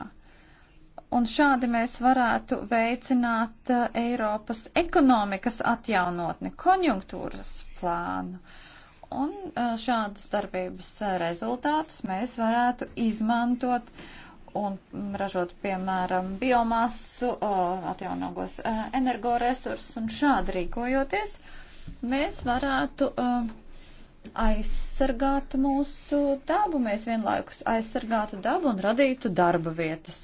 A: Un šādi mēs varētu veicināt uh, Eiropas ekonomikas atjaunotni, konjunktūras plānu. Un uh, šādas darbības uh, rezultātus mēs varētu izmantot un mm, ražot, piemēram, biomasu, uh, atjaunogos uh, energoresursus un šādi rīkojoties, mēs varētu uh, aizsargātu mūsu dabu, mēs vienlaikus aizsargātu dabu un radītu darba vietas.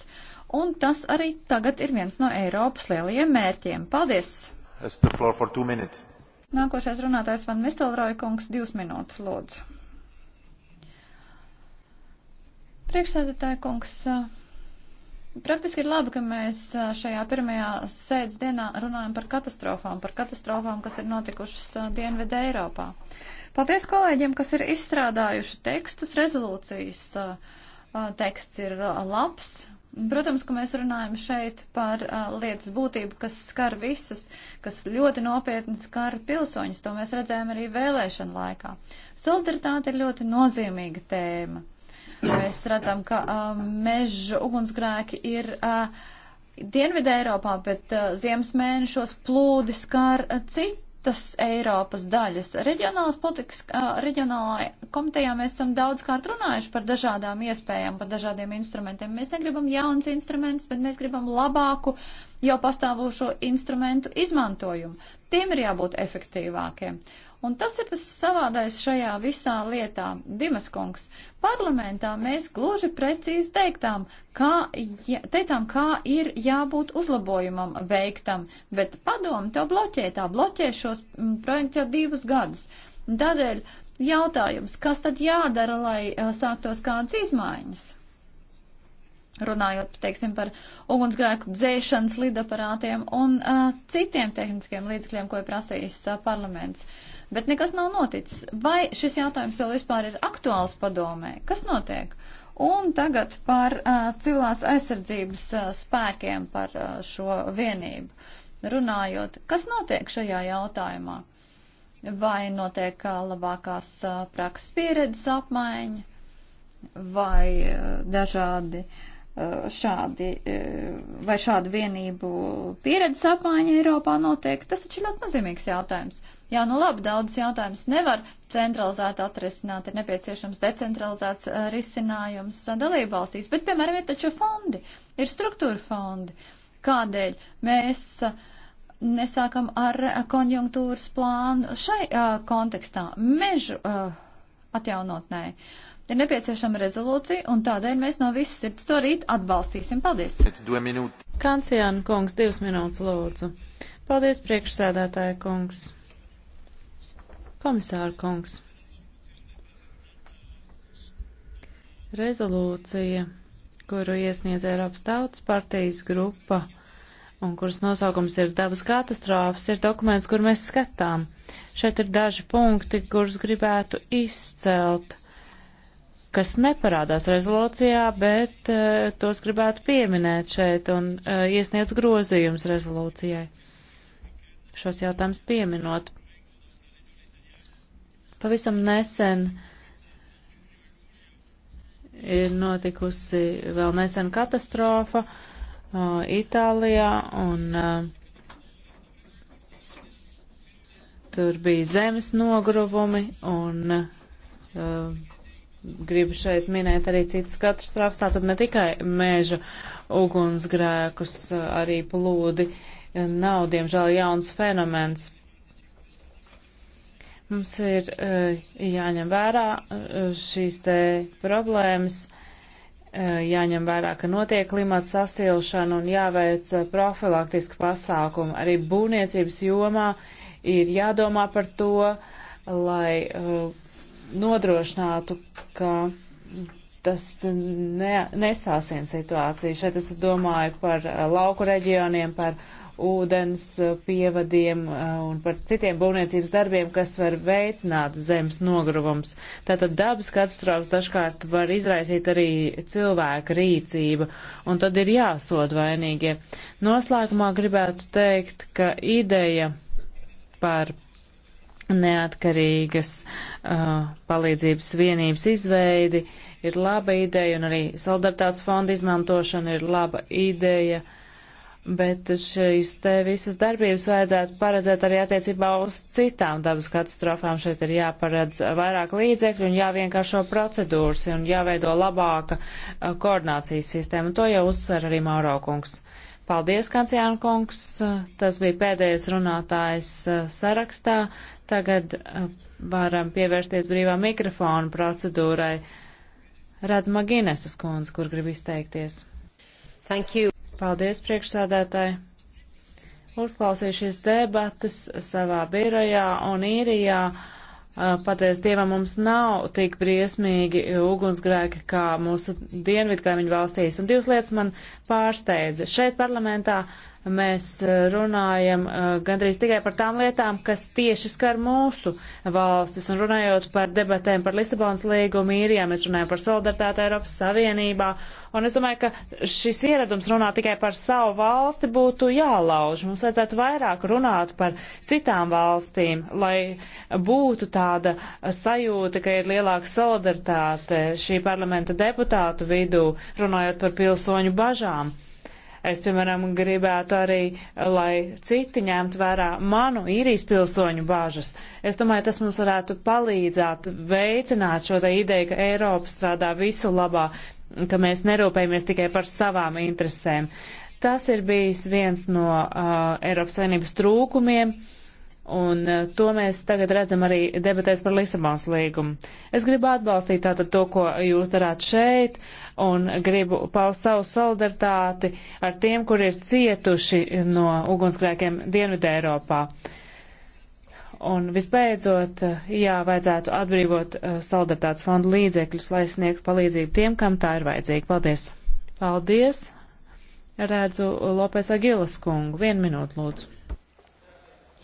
A: Un tas arī tagad ir viens no Eiropas lielajiem mērķiem. Paldies! Nākošais runātājs Van Mistelroja kungs, divas minūtes lūdzu. Priekšsēdētāja kungs, eh, praktiski ir labi, ka mēs eh, šajā pirmajā sēdes dienā runājam par katastrofām, par katastrofām, kas ir notikušas eh, Dienvidē Eiropā. Uh, Paldies kolēģiem, kas ir izstrādājuši tekstus. Rezolūcijas uh, uh, teksts ir uh, labs. Protams, ka mēs runājam šeit par lietas būtību, kas skar visus, kas ļoti nopietni skar pilsoņus. To mēs redzējām arī vēlēšana laikā. Solidaritāte ir ļoti nozīmīga tēma. Mēs redzam, ka meža ugunsgrēki ir. Dienvidē Eiropā, bet uh, ziemas mēnešos plūdi skar uh, citu citas Eiropas daļas. Reģionālas politikas, reģionālā komitejā mēs esam daudzkārt runājuši par dažādām iespējām, par dažādiem instrumentiem. Mēs negribam jauns instruments, bet mēs gribam labāku jau pastāvošo instrumentu izmantojumu. Tiem ir jābūt efektīvākiem. Un tas ir tas savādais šajā visā lietā. Dimas kungs, parlamentā mēs gluži precīzi teiktām, kā, ja, teicām, kā ir jābūt uzlabojumam veiktam, bet padomu to bloķē, tā bloķē šos mm, projekts jau divus gadus. Tādēļ jautājums, kas tad jādara, lai sāktos kādas izmaiņas? runājot teiksim, par ugunsgrēku dzēšanas lidaparātiem un uh, citiem tehniskiem līdzekļiem, ko ir prasījis uh, parlaments bet nekas nav noticis. Vai šis jautājums vēl vispār ir aktuāls padomē? Kas notiek? Un tagad par uh, cilvēks aizsardzības uh, spēkiem, par uh, šo vienību runājot. Kas notiek šajā jautājumā? Vai notiek uh, labākās uh, prakses pieredzes apmaiņa vai uh, dažādi uh, Eh, šādi, eh, vai šādu vienību pieredzes apmaiņa Eiropā notiek, tas taču ļoti nozīmīgs jautājums. Jā, nu labi, daudz jautājumus nevar centralizēt atrisināt, ir nepieciešams decentralizēts eh, risinājums dalībvalstīs, bet, piemēram, ir taču fondi, ir struktūra fondi. Kādēļ mēs nesākam ar konjunktūras plānu šai kontekstā, mežu atjaunotnēji? Ir nepieciešama rezolūcija, un tādēļ mēs no visas sirds to rīt
B: atbalstīsim. Paldies! Kancijāna kungs, divas minūtes lūdzu. Paldies, priekšsēdētāja kungs. Komisāra kungs. Rezolūcija, kuru iesniedz Eiropas Tautas partijas grupa un kuras nosaukums ir Davas katastrofas, ir dokuments, kur mēs skatām. Šeit ir daži punkti, kurus gribētu izcelt kas neparādās rezolūcijā, bet uh, tos gribētu pieminēt šeit un uh, iesniedz grozījums rezolūcijai. Šos jautājumus pieminot. Pavisam nesen ir notikusi vēl nesen katastrofa uh, Itālijā un uh, tur bija zemes nogruvumi un uh, gribu šeit minēt arī citas katastrofas, tātad ne tikai mēža ugunsgrēkus, arī plūdi nav, diemžēl, jauns fenomens. Mums ir eh, jāņem vērā eh, šīs te problēmas, eh, jāņem vērā, ka notiek klimata sasilšana un jāveic profilaktiski pasākumi. Arī būvniecības jomā ir jādomā par to, lai uh, nodrošinātu, ka tas ne, nesāsien situāciju. Šeit es domāju par eh, lauku reģioniem, par ūdens eh, pievadiem eh, un par citiem būvniecības darbiem, kas var veicināt zemes nogruvums. Tātad dabas katastrofas dažkārt var izraisīt arī cilvēka rīcība, un tad ir jāsod vainīgie. Noslēgumā gribētu teikt, ka ideja par neatkarīgas uh, palīdzības vienības izveidi ir laba ideja, un arī solidaritātes fonda izmantošana ir laba ideja, bet šīs te visas darbības vajadzētu paredzēt arī attiecībā uz citām dabas katastrofām. Šeit ir jāparedz vairāk līdzekļu un jāvienkāršo procedūras un jāveido labāka uh, koordinācijas sistēma, un to jau uzsver arī Mauraukungs. Paldies, Kanciāna kungs. Tas bija pēdējais runātājs uh, sarakstā. Tagad eh, varam pievērsties brīvā mikrofona procedūrai. Redz Maginesas kundze, kur grib izteikties. Thank you. Paldies, priekšsādātāji. Uzklausījušies debatas savā birojā un īrijā. Eh, Paties Dievam mums nav tik briesmīgi ugunsgrēki kā mūsu dienvidkaimiņu valstīs. Un divas lietas man pārsteidza. Šeit parlamentā mēs eh, runājam eh, gandrīz tikai par tām lietām, kas tieši skar mūsu valstis. Un runājot par debatēm par Lisabonas līgumu īrijā, mēs runājam par solidaritāti Eiropas Savienībā. Un es domāju, ka šis ieradums runāt tikai par savu valsti būtu jālauž. Mums vajadzētu vairāk runāt par citām valstīm, lai būtu tāda sajūta, ka ir lielāka solidaritāte šī parlamenta deputātu vidū, runājot par pilsoņu bažām. Es, piemēram, gribētu arī, lai citi ņemtu vērā manu īrijas pilsoņu bāžas. Es domāju, tas mums varētu palīdzēt veicināt šo te ideju, ka Eiropa strādā visu labā, ka mēs nerūpējamies tikai par savām interesēm. Tas ir bijis viens no uh, Eiropas Savienības trūkumiem. Uh, Un eh, to mēs tagad redzam arī debatēs par Lisabonas līgumu. Es gribu atbalstīt tātad to, ko jūs darāt šeit, un gribu paust savu solidaritāti ar tiem, kuri ir cietuši no ugunsgrēkiem Dienvidē Eiropā. Un visbeidzot, eh, jā, vajadzētu atbrīvot eh, solidaritātes fondu līdzekļus, lai sniegtu palīdzību tiem, kam tā ir vajadzīga. Paldies! Paldies! Redzu Lopes Agilas kungu. Vienu minūtu, lūdzu.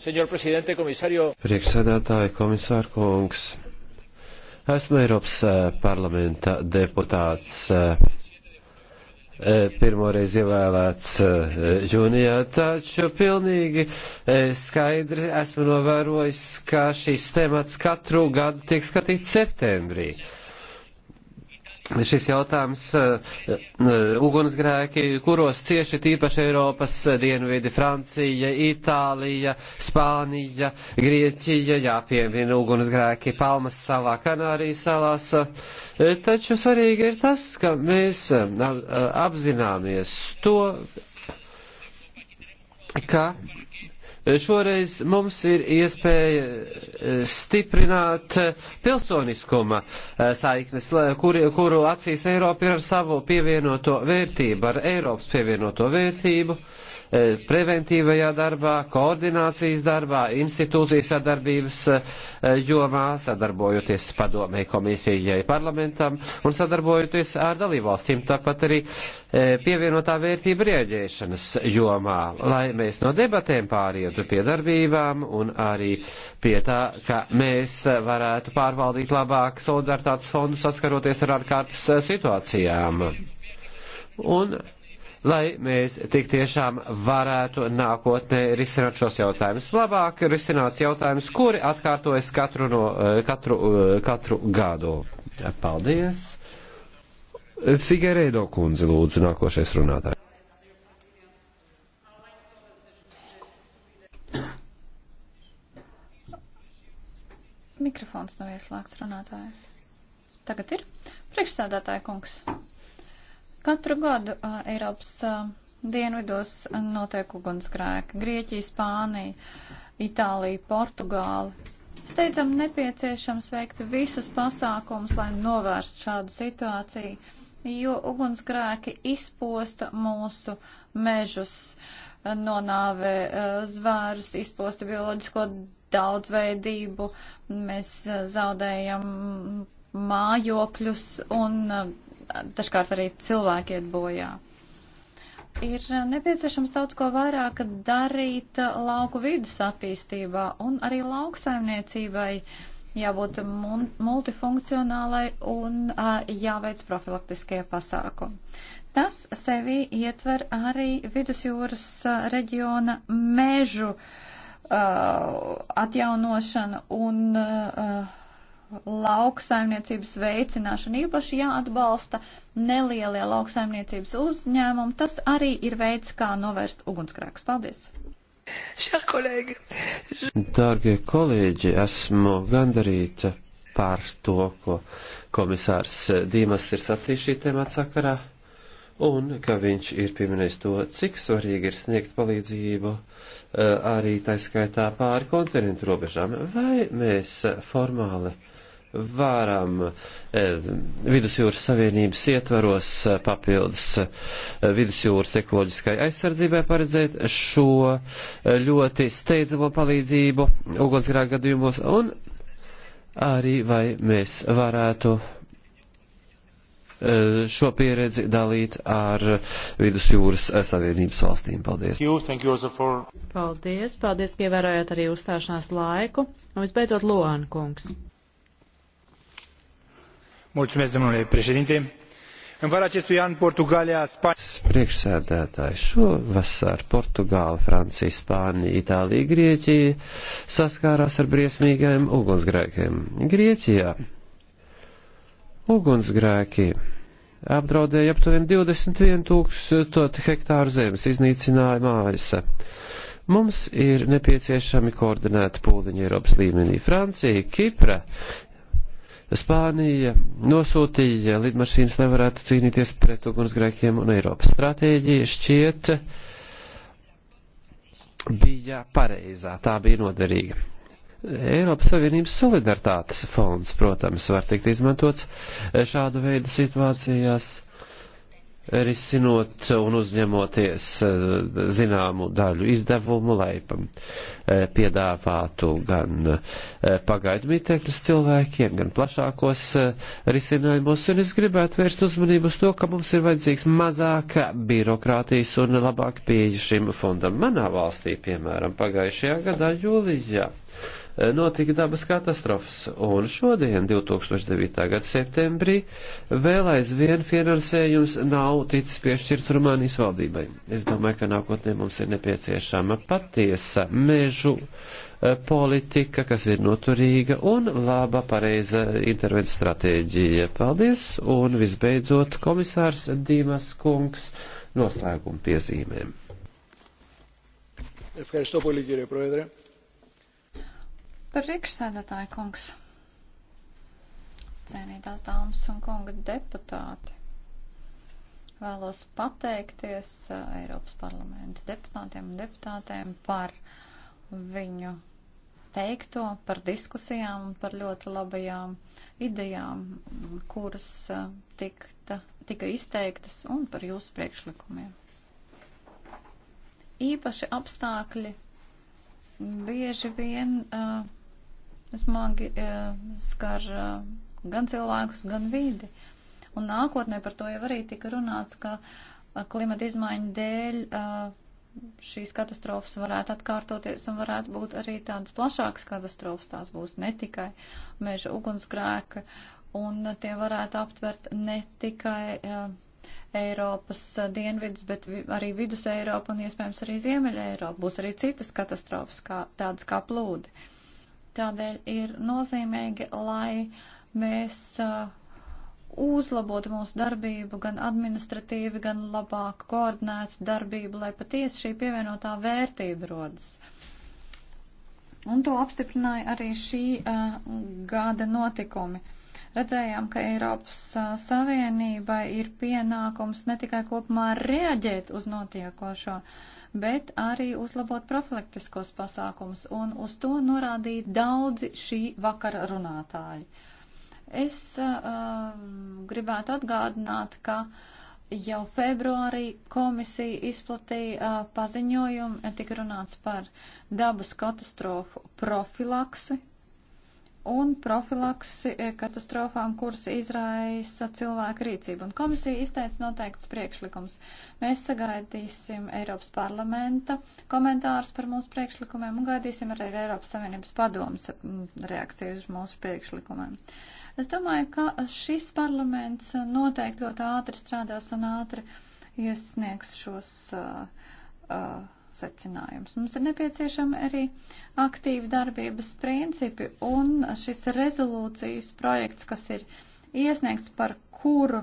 C: Senjor prezidente, komisārio. Priekšsēdētāji, komisār kungs. Esmu Eiropas eh, parlamenta deputāts eh, eh, pirmoreiz ievēlēts jūnijā, taču pilnīgi skaidri esmu novērojis, ka šīs temats katru gadu tiek skatīts septembrī šis jautājums uh, ugunsgrēki, kuros cieši tīpaši Eiropas eh, dienvidi Francija, Itālija, Spānija, Grieķija, jāpiemina ugunsgrēki Palmas salā, Kanārijas salās. Taču svarīgi ir tas, ka mēs apzināmies to, ka Šoreiz mums ir iespēja e, stiprināt e, pilsoniskuma e, saiknes, kur, kuru acīs Eiropa ir ar savu pievienoto vērtību, ar Eiropas pievienoto vērtību. Uh, E, preventīvajā darbā, koordinācijas darbā, institūcijas sadarbības e, jomā, sadarbojoties padomē komisijai parlamentam un sadarbojoties ar dalībvalstīm, tāpat arī e, pievienotā vērtība rieģēšanas jomā, lai mēs no debatēm pārietu pie darbībām un arī pie tā, ka mēs varētu pārvaldīt labāk solidaritātes fondu saskaroties ar ārkārtas situācijām. Un lai mēs tik tiešām varētu nākotnē risināt šos jautājumus. Labāk risināt jautājumus, kuri atkārtojas katru, no, eh, katru, eh, katru gadu. Paldies! Figueiredo kundze lūdzu nākošais runātājs.
A: Mikrofons nav ieslēgts runātājai. Tagad ir priekšstādātāja kungs. Katru gadu uh, Eiropas uh, dienvidos notiek ugunsgrēki. Grieķija, Spānija, Itālija, Portugāla. Steidzam nepieciešams veikt visus pasākumus, lai novērstu šādu situāciju, jo ugunsgrēki izposta mūsu mežus, nonāvē zvērus, izposta bioloģisko daudzveidību, mēs zaudējam mājokļus un dažkārt arī cilvēki iet bojā. Ir nepieciešams daudz ko vairāk darīt lauku vidas attīstībā un arī lauksaimniecībai jābūt multifunkcionālai un jāveic profilaktiskie pasākumi. Tas sevi ietver arī vidusjūras reģiona mežu atjaunošanu un uh, lauksaimniecības veicināšana īpaši jāatbalsta nelielie lauksaimniecības uzņēmumi. Tas arī ir veids, kā novērst ugunsgrēkus. Paldies!
C: Dārgie kolēģi, esmu gandarīta par to, ko komisārs Dīmas ir sacījis šī tēmata sakarā, un ka viņš ir pieminējis to, cik svarīgi ir sniegt palīdzību eh, arī taiskaitā pāri kontinentu robežām. Vai mēs formāli uh, varam eh, Vidusjūras Savienības ietvaros eh, papildus eh, Vidusjūras ekoloģiskai aizsardzībai paredzēt šo ļoti steidzamo palīdzību ugunsgrēku gadījumos un arī vai mēs varētu šo pieredzi dalīt ar Vidusjūras Savienības valstīm. Paldies!
B: You, you for... Paldies! Paldies, ka ievērojāt arī uzstāšanās laiku. Un visbeidzot, Loāna kungs în vara acestui an portugalia spania
C: priekšsēdētāji šovasar portugāla francija spānija itālija grieķija saskārās ar briesmīgiem ugunsgrēkiem grieķijā ugunsgrēki apdraudēja aptuveni 21 tūkstoši hektāru zemes iznīcināja mājas Mums ir nepieciešami koordinēti pūliņi Eiropas līmenī. Francija, Kipra, Spānija nosūtīja lidmašīnas, lai varētu cīnīties pret ugunsgrēkiem un Eiropas stratēģija šķiet bija pareizā, tā bija noderīga. Eiropas Savienības solidaritātes fonds, protams, var tikt izmantots šādu veidu situācijās risinot un uzņemoties eh, zināmu daļu izdevumu, lai eh, piedāvātu gan eh, pagaidu mītekļus cilvēkiem, gan plašākos risinājumus. Un es gribētu vērst uzmanību uz to, ka mums ir vajadzīgs mazāka birokrātijas un labāka pieeja šim fondam. Manā valstī, piemēram, pagājušajā gadā jūlijā. Ja Eh, notika dabas katastrofas, un šodien, 2009. gada septembrī, vēl aizvien finansējums nav ticis piešķirts Rumānijas valdībai. Es domāju, ka nākotnē mums ir nepieciešama patiesa mežu eh, politika, kas ir noturīga un laba pareiza intervences stratēģija. Paldies, un visbeidzot komisārs Dīmas Kungs noslēguma piezīmēm.
B: Ευχαριστώ πολύ κύριε Πρόεδρε.
A: Priekšsēdētāji kungs, cienītās dāmas un kunga deputāti, vēlos pateikties Eiropas parlamenta deputātiem un deputātēm par viņu teikto, par diskusijām un par ļoti labajām idejām, kuras tikta, tika izteiktas un par jūsu priekšlikumiem. Īpaši apstākļi bieži vien uh, smagi e, skar e, gan cilvēkus, gan vidi. Un nākotnē par to jau arī tika runāts, ka e, klimata izmaiņu dēļ šīs katastrofas varētu atkārtoties un varētu būt arī tādas plašākas katastrofas. Tās būs ne tikai meža ugunsgrēka, un tie varētu aptvert ne tikai Eiropas dienvidus, bet arī Vidus Eiropu un iespējams arī Ziemeļa Eiropu. Būs arī citas katastrofas, kā, tādas kā plūdi. Tādēļ ir nozīmīgi, lai mēs uh, uzlabotu mūsu darbību gan administratīvi, gan labāk koordinētu darbību, lai patiesi šī pievienotā vērtība rodas. Un to apstiprināja arī šī uh, gada notikumi. Redzējām, ka Eiropas uh, Savienībai ir pienākums ne tikai kopumā reaģēt uz notiekošo, uh, bet arī uzlabot profilaktiskos pasākumus, un uz to norādīja daudzi šī vakara runātāji. Es uh, uh, gribētu atgādināt, ka jau februārī komisija izplatīja uh, paziņojumu, tika runāts par dabas katastrofu profilaksi, un profilaksi e, katastrofām, kuras izraisa cilvēka rīcība. Un komisija izteica noteikts priekšlikums. Mēs sagaidīsim Eiropas parlamenta komentārus par mūsu priekšlikumiem un gaidīsim arī Eiropas Savienības padomus mm, reakciju uz mūsu priekšlikumiem. Es domāju, ka šis parlaments noteikti ļoti ātri strādās un ātri iesniegs šos. Uh, uh, secinājumus. Mums ir nepieciešama arī aktīva darbības principi un šis rezolūcijas projekts, kas ir iesniegts, par kuru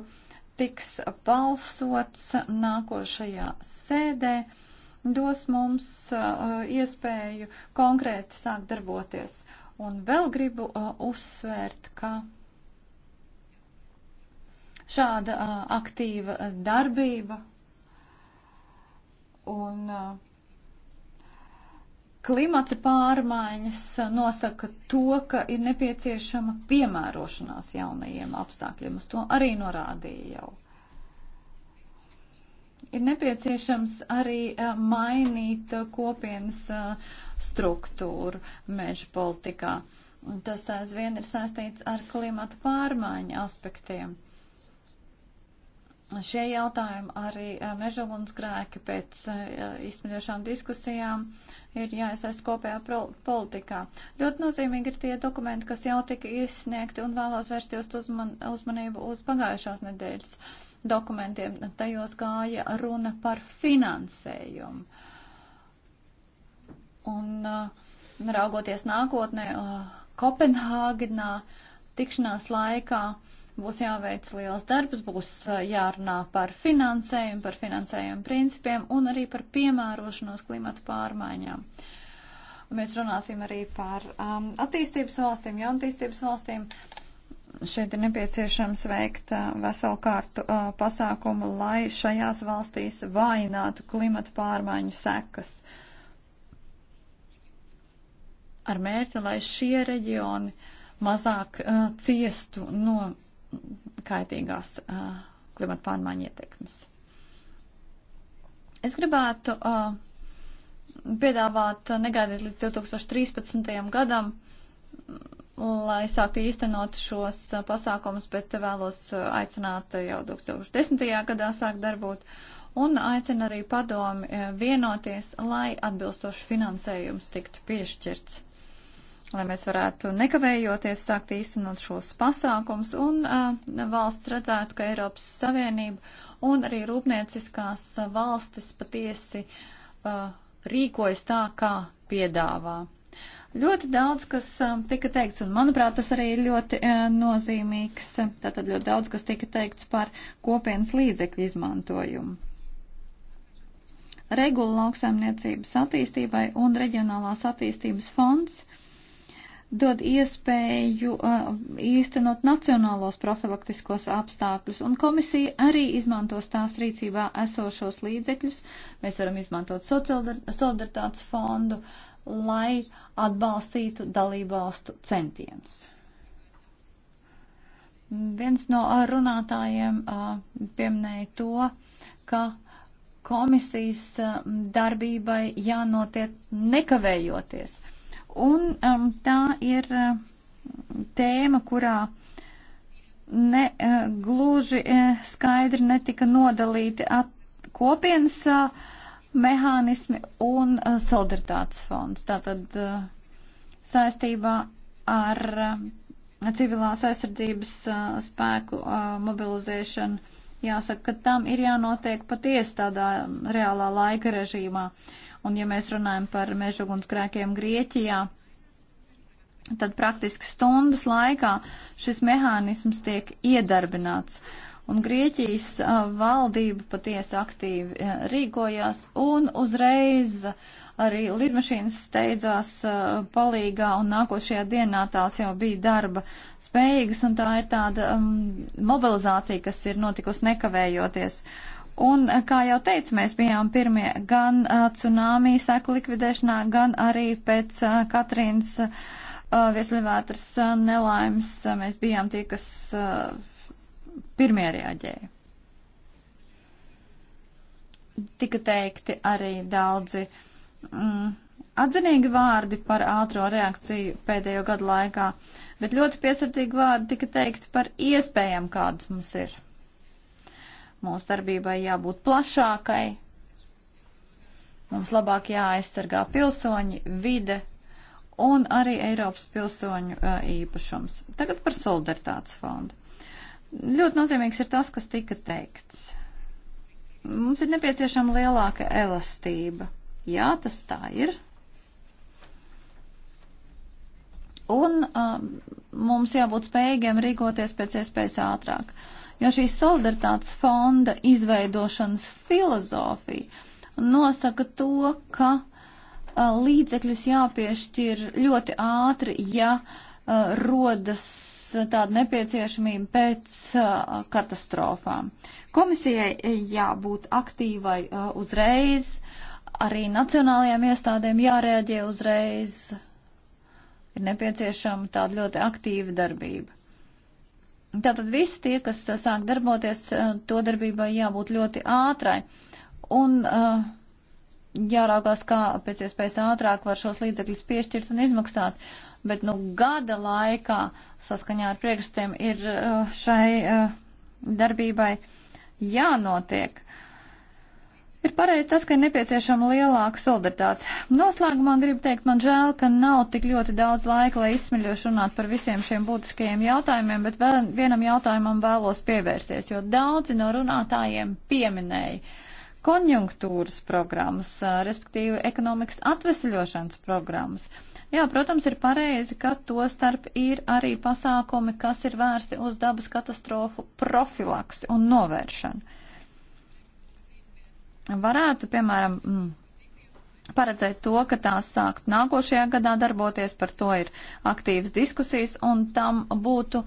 A: tiks balsots nākošajā sēdē, dos mums uh, iespēju konkrēti sākt darboties. Un vēl gribu uh, uzsvērt, ka šāda uh, aktīva uh, darbība un uh, Klimata pārmaiņas nosaka to, ka ir nepieciešama piemērošanās jaunajiem apstākļiem. Uz to arī norādīja jau. Ir nepieciešams arī eh, mainīt kopienas eh, struktūru meža politikā. Tas aizvien ir saistīts ar klimata pārmaiņu aspektiem šie jautājumi arī eh, mežugunsgrēki pēc eh, izsmeļošām diskusijām ir jāiesaist kopējā politikā. Ļoti nozīmīgi ir tie dokumenti, kas jau tika izsniegti un vēlos vērst jūs uzman, uzmanību uz pagājušās nedēļas dokumentiem. Tajos gāja runa par finansējumu. Un uh, raugoties nākotnē, uh, Kopenhāgenā tikšanās laikā uh, Būs jāveic liels darbs, būs jārunā par finansējumu, par finansējumu principiem un arī par piemērošanos klimatu pārmaiņām. Mēs runāsim arī par um, attīstības valstīm, jaunatīstības valstīm. Šeit ir nepieciešams veikt uh, veselu kārtu uh, pasākumu, lai šajās valstīs vainātu klimatu pārmaiņu sekas. Ar mērķi, lai šie reģioni mazāk uh, ciestu no kaitīgās uh, klimata pārmaiņu ietekmes. Es gribētu uh, piedāvāt negaidīt līdz 2013. gadam, lai sāktu īstenot šos uh, pasākumus, bet vēlos uh, aicināt jau 2010. gadā sākt darbot un aicina arī padomi uh, vienoties, lai atbilstoši finansējums tiktu piešķirts lai mēs varētu nekavējoties sākt īstenot šos pasākums un uh, valsts redzētu, ka Eiropas Savienība un arī rūpnieciskās valstis patiesi uh, rīkojas tā, kā piedāvā. Ļoti daudz, kas um, tika teikts, un manuprāt, tas arī ir ļoti uh, nozīmīgs, tātad ļoti daudz, kas tika teikts par kopienas līdzekļu izmantojumu. Regula lauksaimniecības attīstībai un reģionālās attīstības fonds uh, dod iespēju uh, īstenot nacionālos profilaktiskos apstākļus, un komisija arī izmantos tās rīcībā esošos līdzekļus. Mēs varam izmantot solidaritātes fondu, lai atbalstītu dalībvalstu centienus. Viens no runātājiem uh, pieminēja to, ka komisijas uh, darbībai jānotiek nekavējoties. Uh, Un um, tā ir uh, tēma, kurā ne, uh, gluži uh, skaidri netika nodalīti at, kopienas uh, mehānismi un uh, solidaritātes fonds. Tātad uh, saistībā ar uh, civilās aizsardzības uh, spēku uh, mobilizēšanu jāsaka, ka tam ir jānotiek patiesi tādā um, reālā laika režīmā. Uh, Un ja mēs runājam par mežugunsgrēkiem Grieķijā, tad praktiski stundas laikā šis mehānisms tiek iedarbināts. Un Grieķijas uh, valdība patiesi aktīvi uh, rīkojās un uzreiz arī lidmašīnas steidzās uh, palīgā un nākošajā dienā tās jau bija darba spējīgas un tā ir tāda um, mobilizācija, kas ir notikusi nekavējoties. Uh, Un, eh, kā jau teicu, mēs bijām pirmie gan uh, tsunami seku likvidēšanā, gan arī pēc uh, Katrīnas uh, viesļavētras uh, nelaimes. Uh, mēs bijām tie, kas uh, pirmie reaģēja. Tika teikti arī daudzi mm, atzinīgi vārdi par ātro reakciju pēdējo gadu laikā, bet ļoti piesardzīgi vārdi tika teikti par iespējām, kādas mums ir. Mūsu darbībai jābūt plašākai. Mums labāk jāaizsargā pilsoņi, vide un arī Eiropas pilsoņu īpašums. Tagad par solidaritātes fondu. Ļoti nozīmīgs ir tas, kas tika teikts. Mums ir nepieciešama lielāka elastība. Jā, tas tā ir. Un um, mums jābūt spējīgiem rīkoties pēc iespējas ātrāk. Uh, jo šī solidaritātes fonda izveidošanas filozofija nosaka to, ka uh, līdzekļus jāpiešķir ļoti ātri, ja uh, rodas tāda nepieciešamība pēc uh, katastrofām. Komisijai jābūt aktīvai uh, uzreiz, arī nacionālajām iestādēm jārēģē uzreiz. Ir nepieciešama tāda ļoti aktīva darbība. Tātad visi tie, kas uh, sāk darboties, uh, to darbībai jābūt ļoti ātrai. Un uh, jāraugās, kā pēc iespējas ātrāk var šos līdzekļus piešķirt un izmaksāt. Bet nu gada laikā saskaņā ar priekšstiem ir uh, šai uh, darbībai jānotiek. Ir pareizi tas, ka ir nepieciešama lielāka solidaritāte. Noslēgumā gribu teikt, man žēl, ka nav tik ļoti daudz laika, lai izsmeļoši runāt par visiem šiem būtiskajiem jautājumiem, bet vēl, vienam jautājumam vēlos pievērsties, jo daudzi no runātājiem pieminēja konjunktūras programmas, respektīvi ekonomikas atvesļošanas programmas. Jā, protams, ir pareizi, ka to starp ir arī pasākumi, kas ir vērsti uz dabas katastrofu profilaksi un novēršanu varētu, piemēram, mm, paredzēt to, ka tās sākt nākošajā gadā darboties, par to ir aktīvas diskusijas, un tam būtu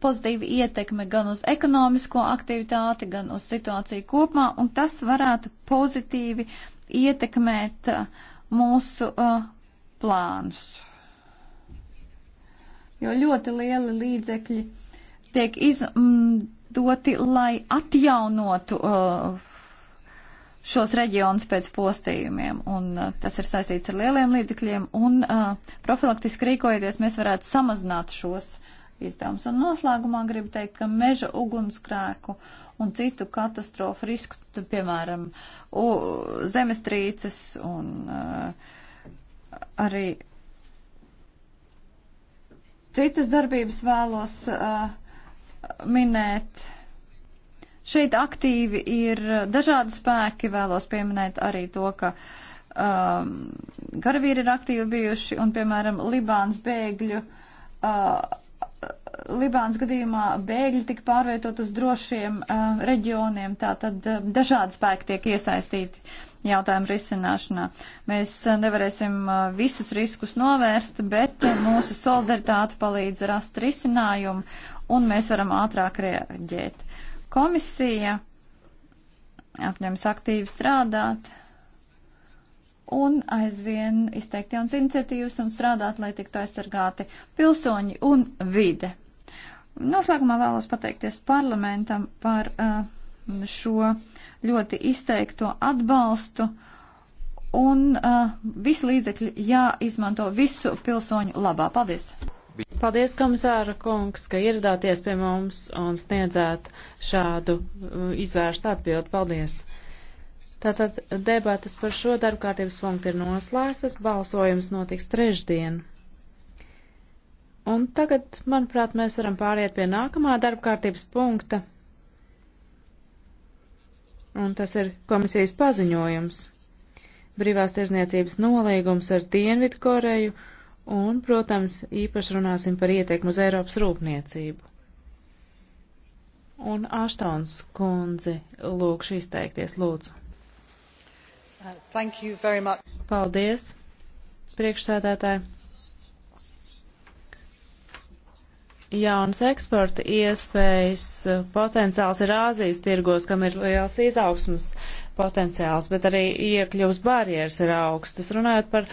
A: pozitīva ietekme gan uz ekonomisko aktivitāti, gan uz situāciju kopumā, un tas varētu pozitīvi ietekmēt uh, mūsu uh, plānus. Jo ļoti lieli līdzekļi tiek izdoti, mm, lai atjaunotu uh, šos reģionus pēc postījumiem, un uh, tas ir saistīts ar lieliem līdzekļiem, un uh, profilaktiski rīkojoties, mēs varētu samazināt šos izdevumus. Un noslēgumā gribu teikt, ka meža ugunskrēku un citu katastrofu risku, tad, piemēram, u, zemestrīces un uh, arī citas darbības vēlos uh, minēt Šeit aktīvi ir eh, dažādi spēki, vēlos pieminēt arī to, ka um, ehm, karavīri ir aktīvi bijuši un, piemēram, Libāns bēgļu. Uh, eh, Libānas gadījumā bēgļi tika pārvietot uz drošiem uh, reģioniem, tātad uh, dažādi spēki tiek iesaistīti jautājumu risināšanā. Mēs uh, nevarēsim uh, visus riskus novērst, bet uh, mūsu solidaritāte palīdz rast risinājumu un mēs varam ātrāk reaģēt. Uh, Komisija apņems aktīvi strādāt un aizvien izteikt jaunas iniciatīvas un strādāt, lai tiktu aizsargāti pilsoņi un vide. Noslēgumā vēlos pateikties parlamentam par uh, šo ļoti izteikto atbalstu un uh, visi līdzekļi
B: jāizmanto visu pilsoņu labā. Paldies! Paldies, komisāra kungs, ka ieradāties pie mums un sniedzāt šādu uh, izvērstu atbildi. Paldies! Tātad debatas par šo darbkārtības punktu ir noslēgtas, balsojums notiks trešdien. Un tagad, manuprāt, mēs varam pāriet pie nākamā darbkārtības punkta. Un tas ir komisijas paziņojums. Brīvās tirzniecības nolīgums ar Dienvidu Koreju un, protams, īpaši runāsim par ieteikumu uz Eiropas rūpniecību. Un Aštons kundzi lūkšu izteikties, lūdzu.
A: Uh, thank you very much.
B: Paldies, priekšsēdētāji. Jaunas eksporta iespējas uh, potenciāls ir Āzijas tirgos, kam ir liels izaugsmas potenciāls, bet arī iekļuvs barjeras ir augstas. Runājot par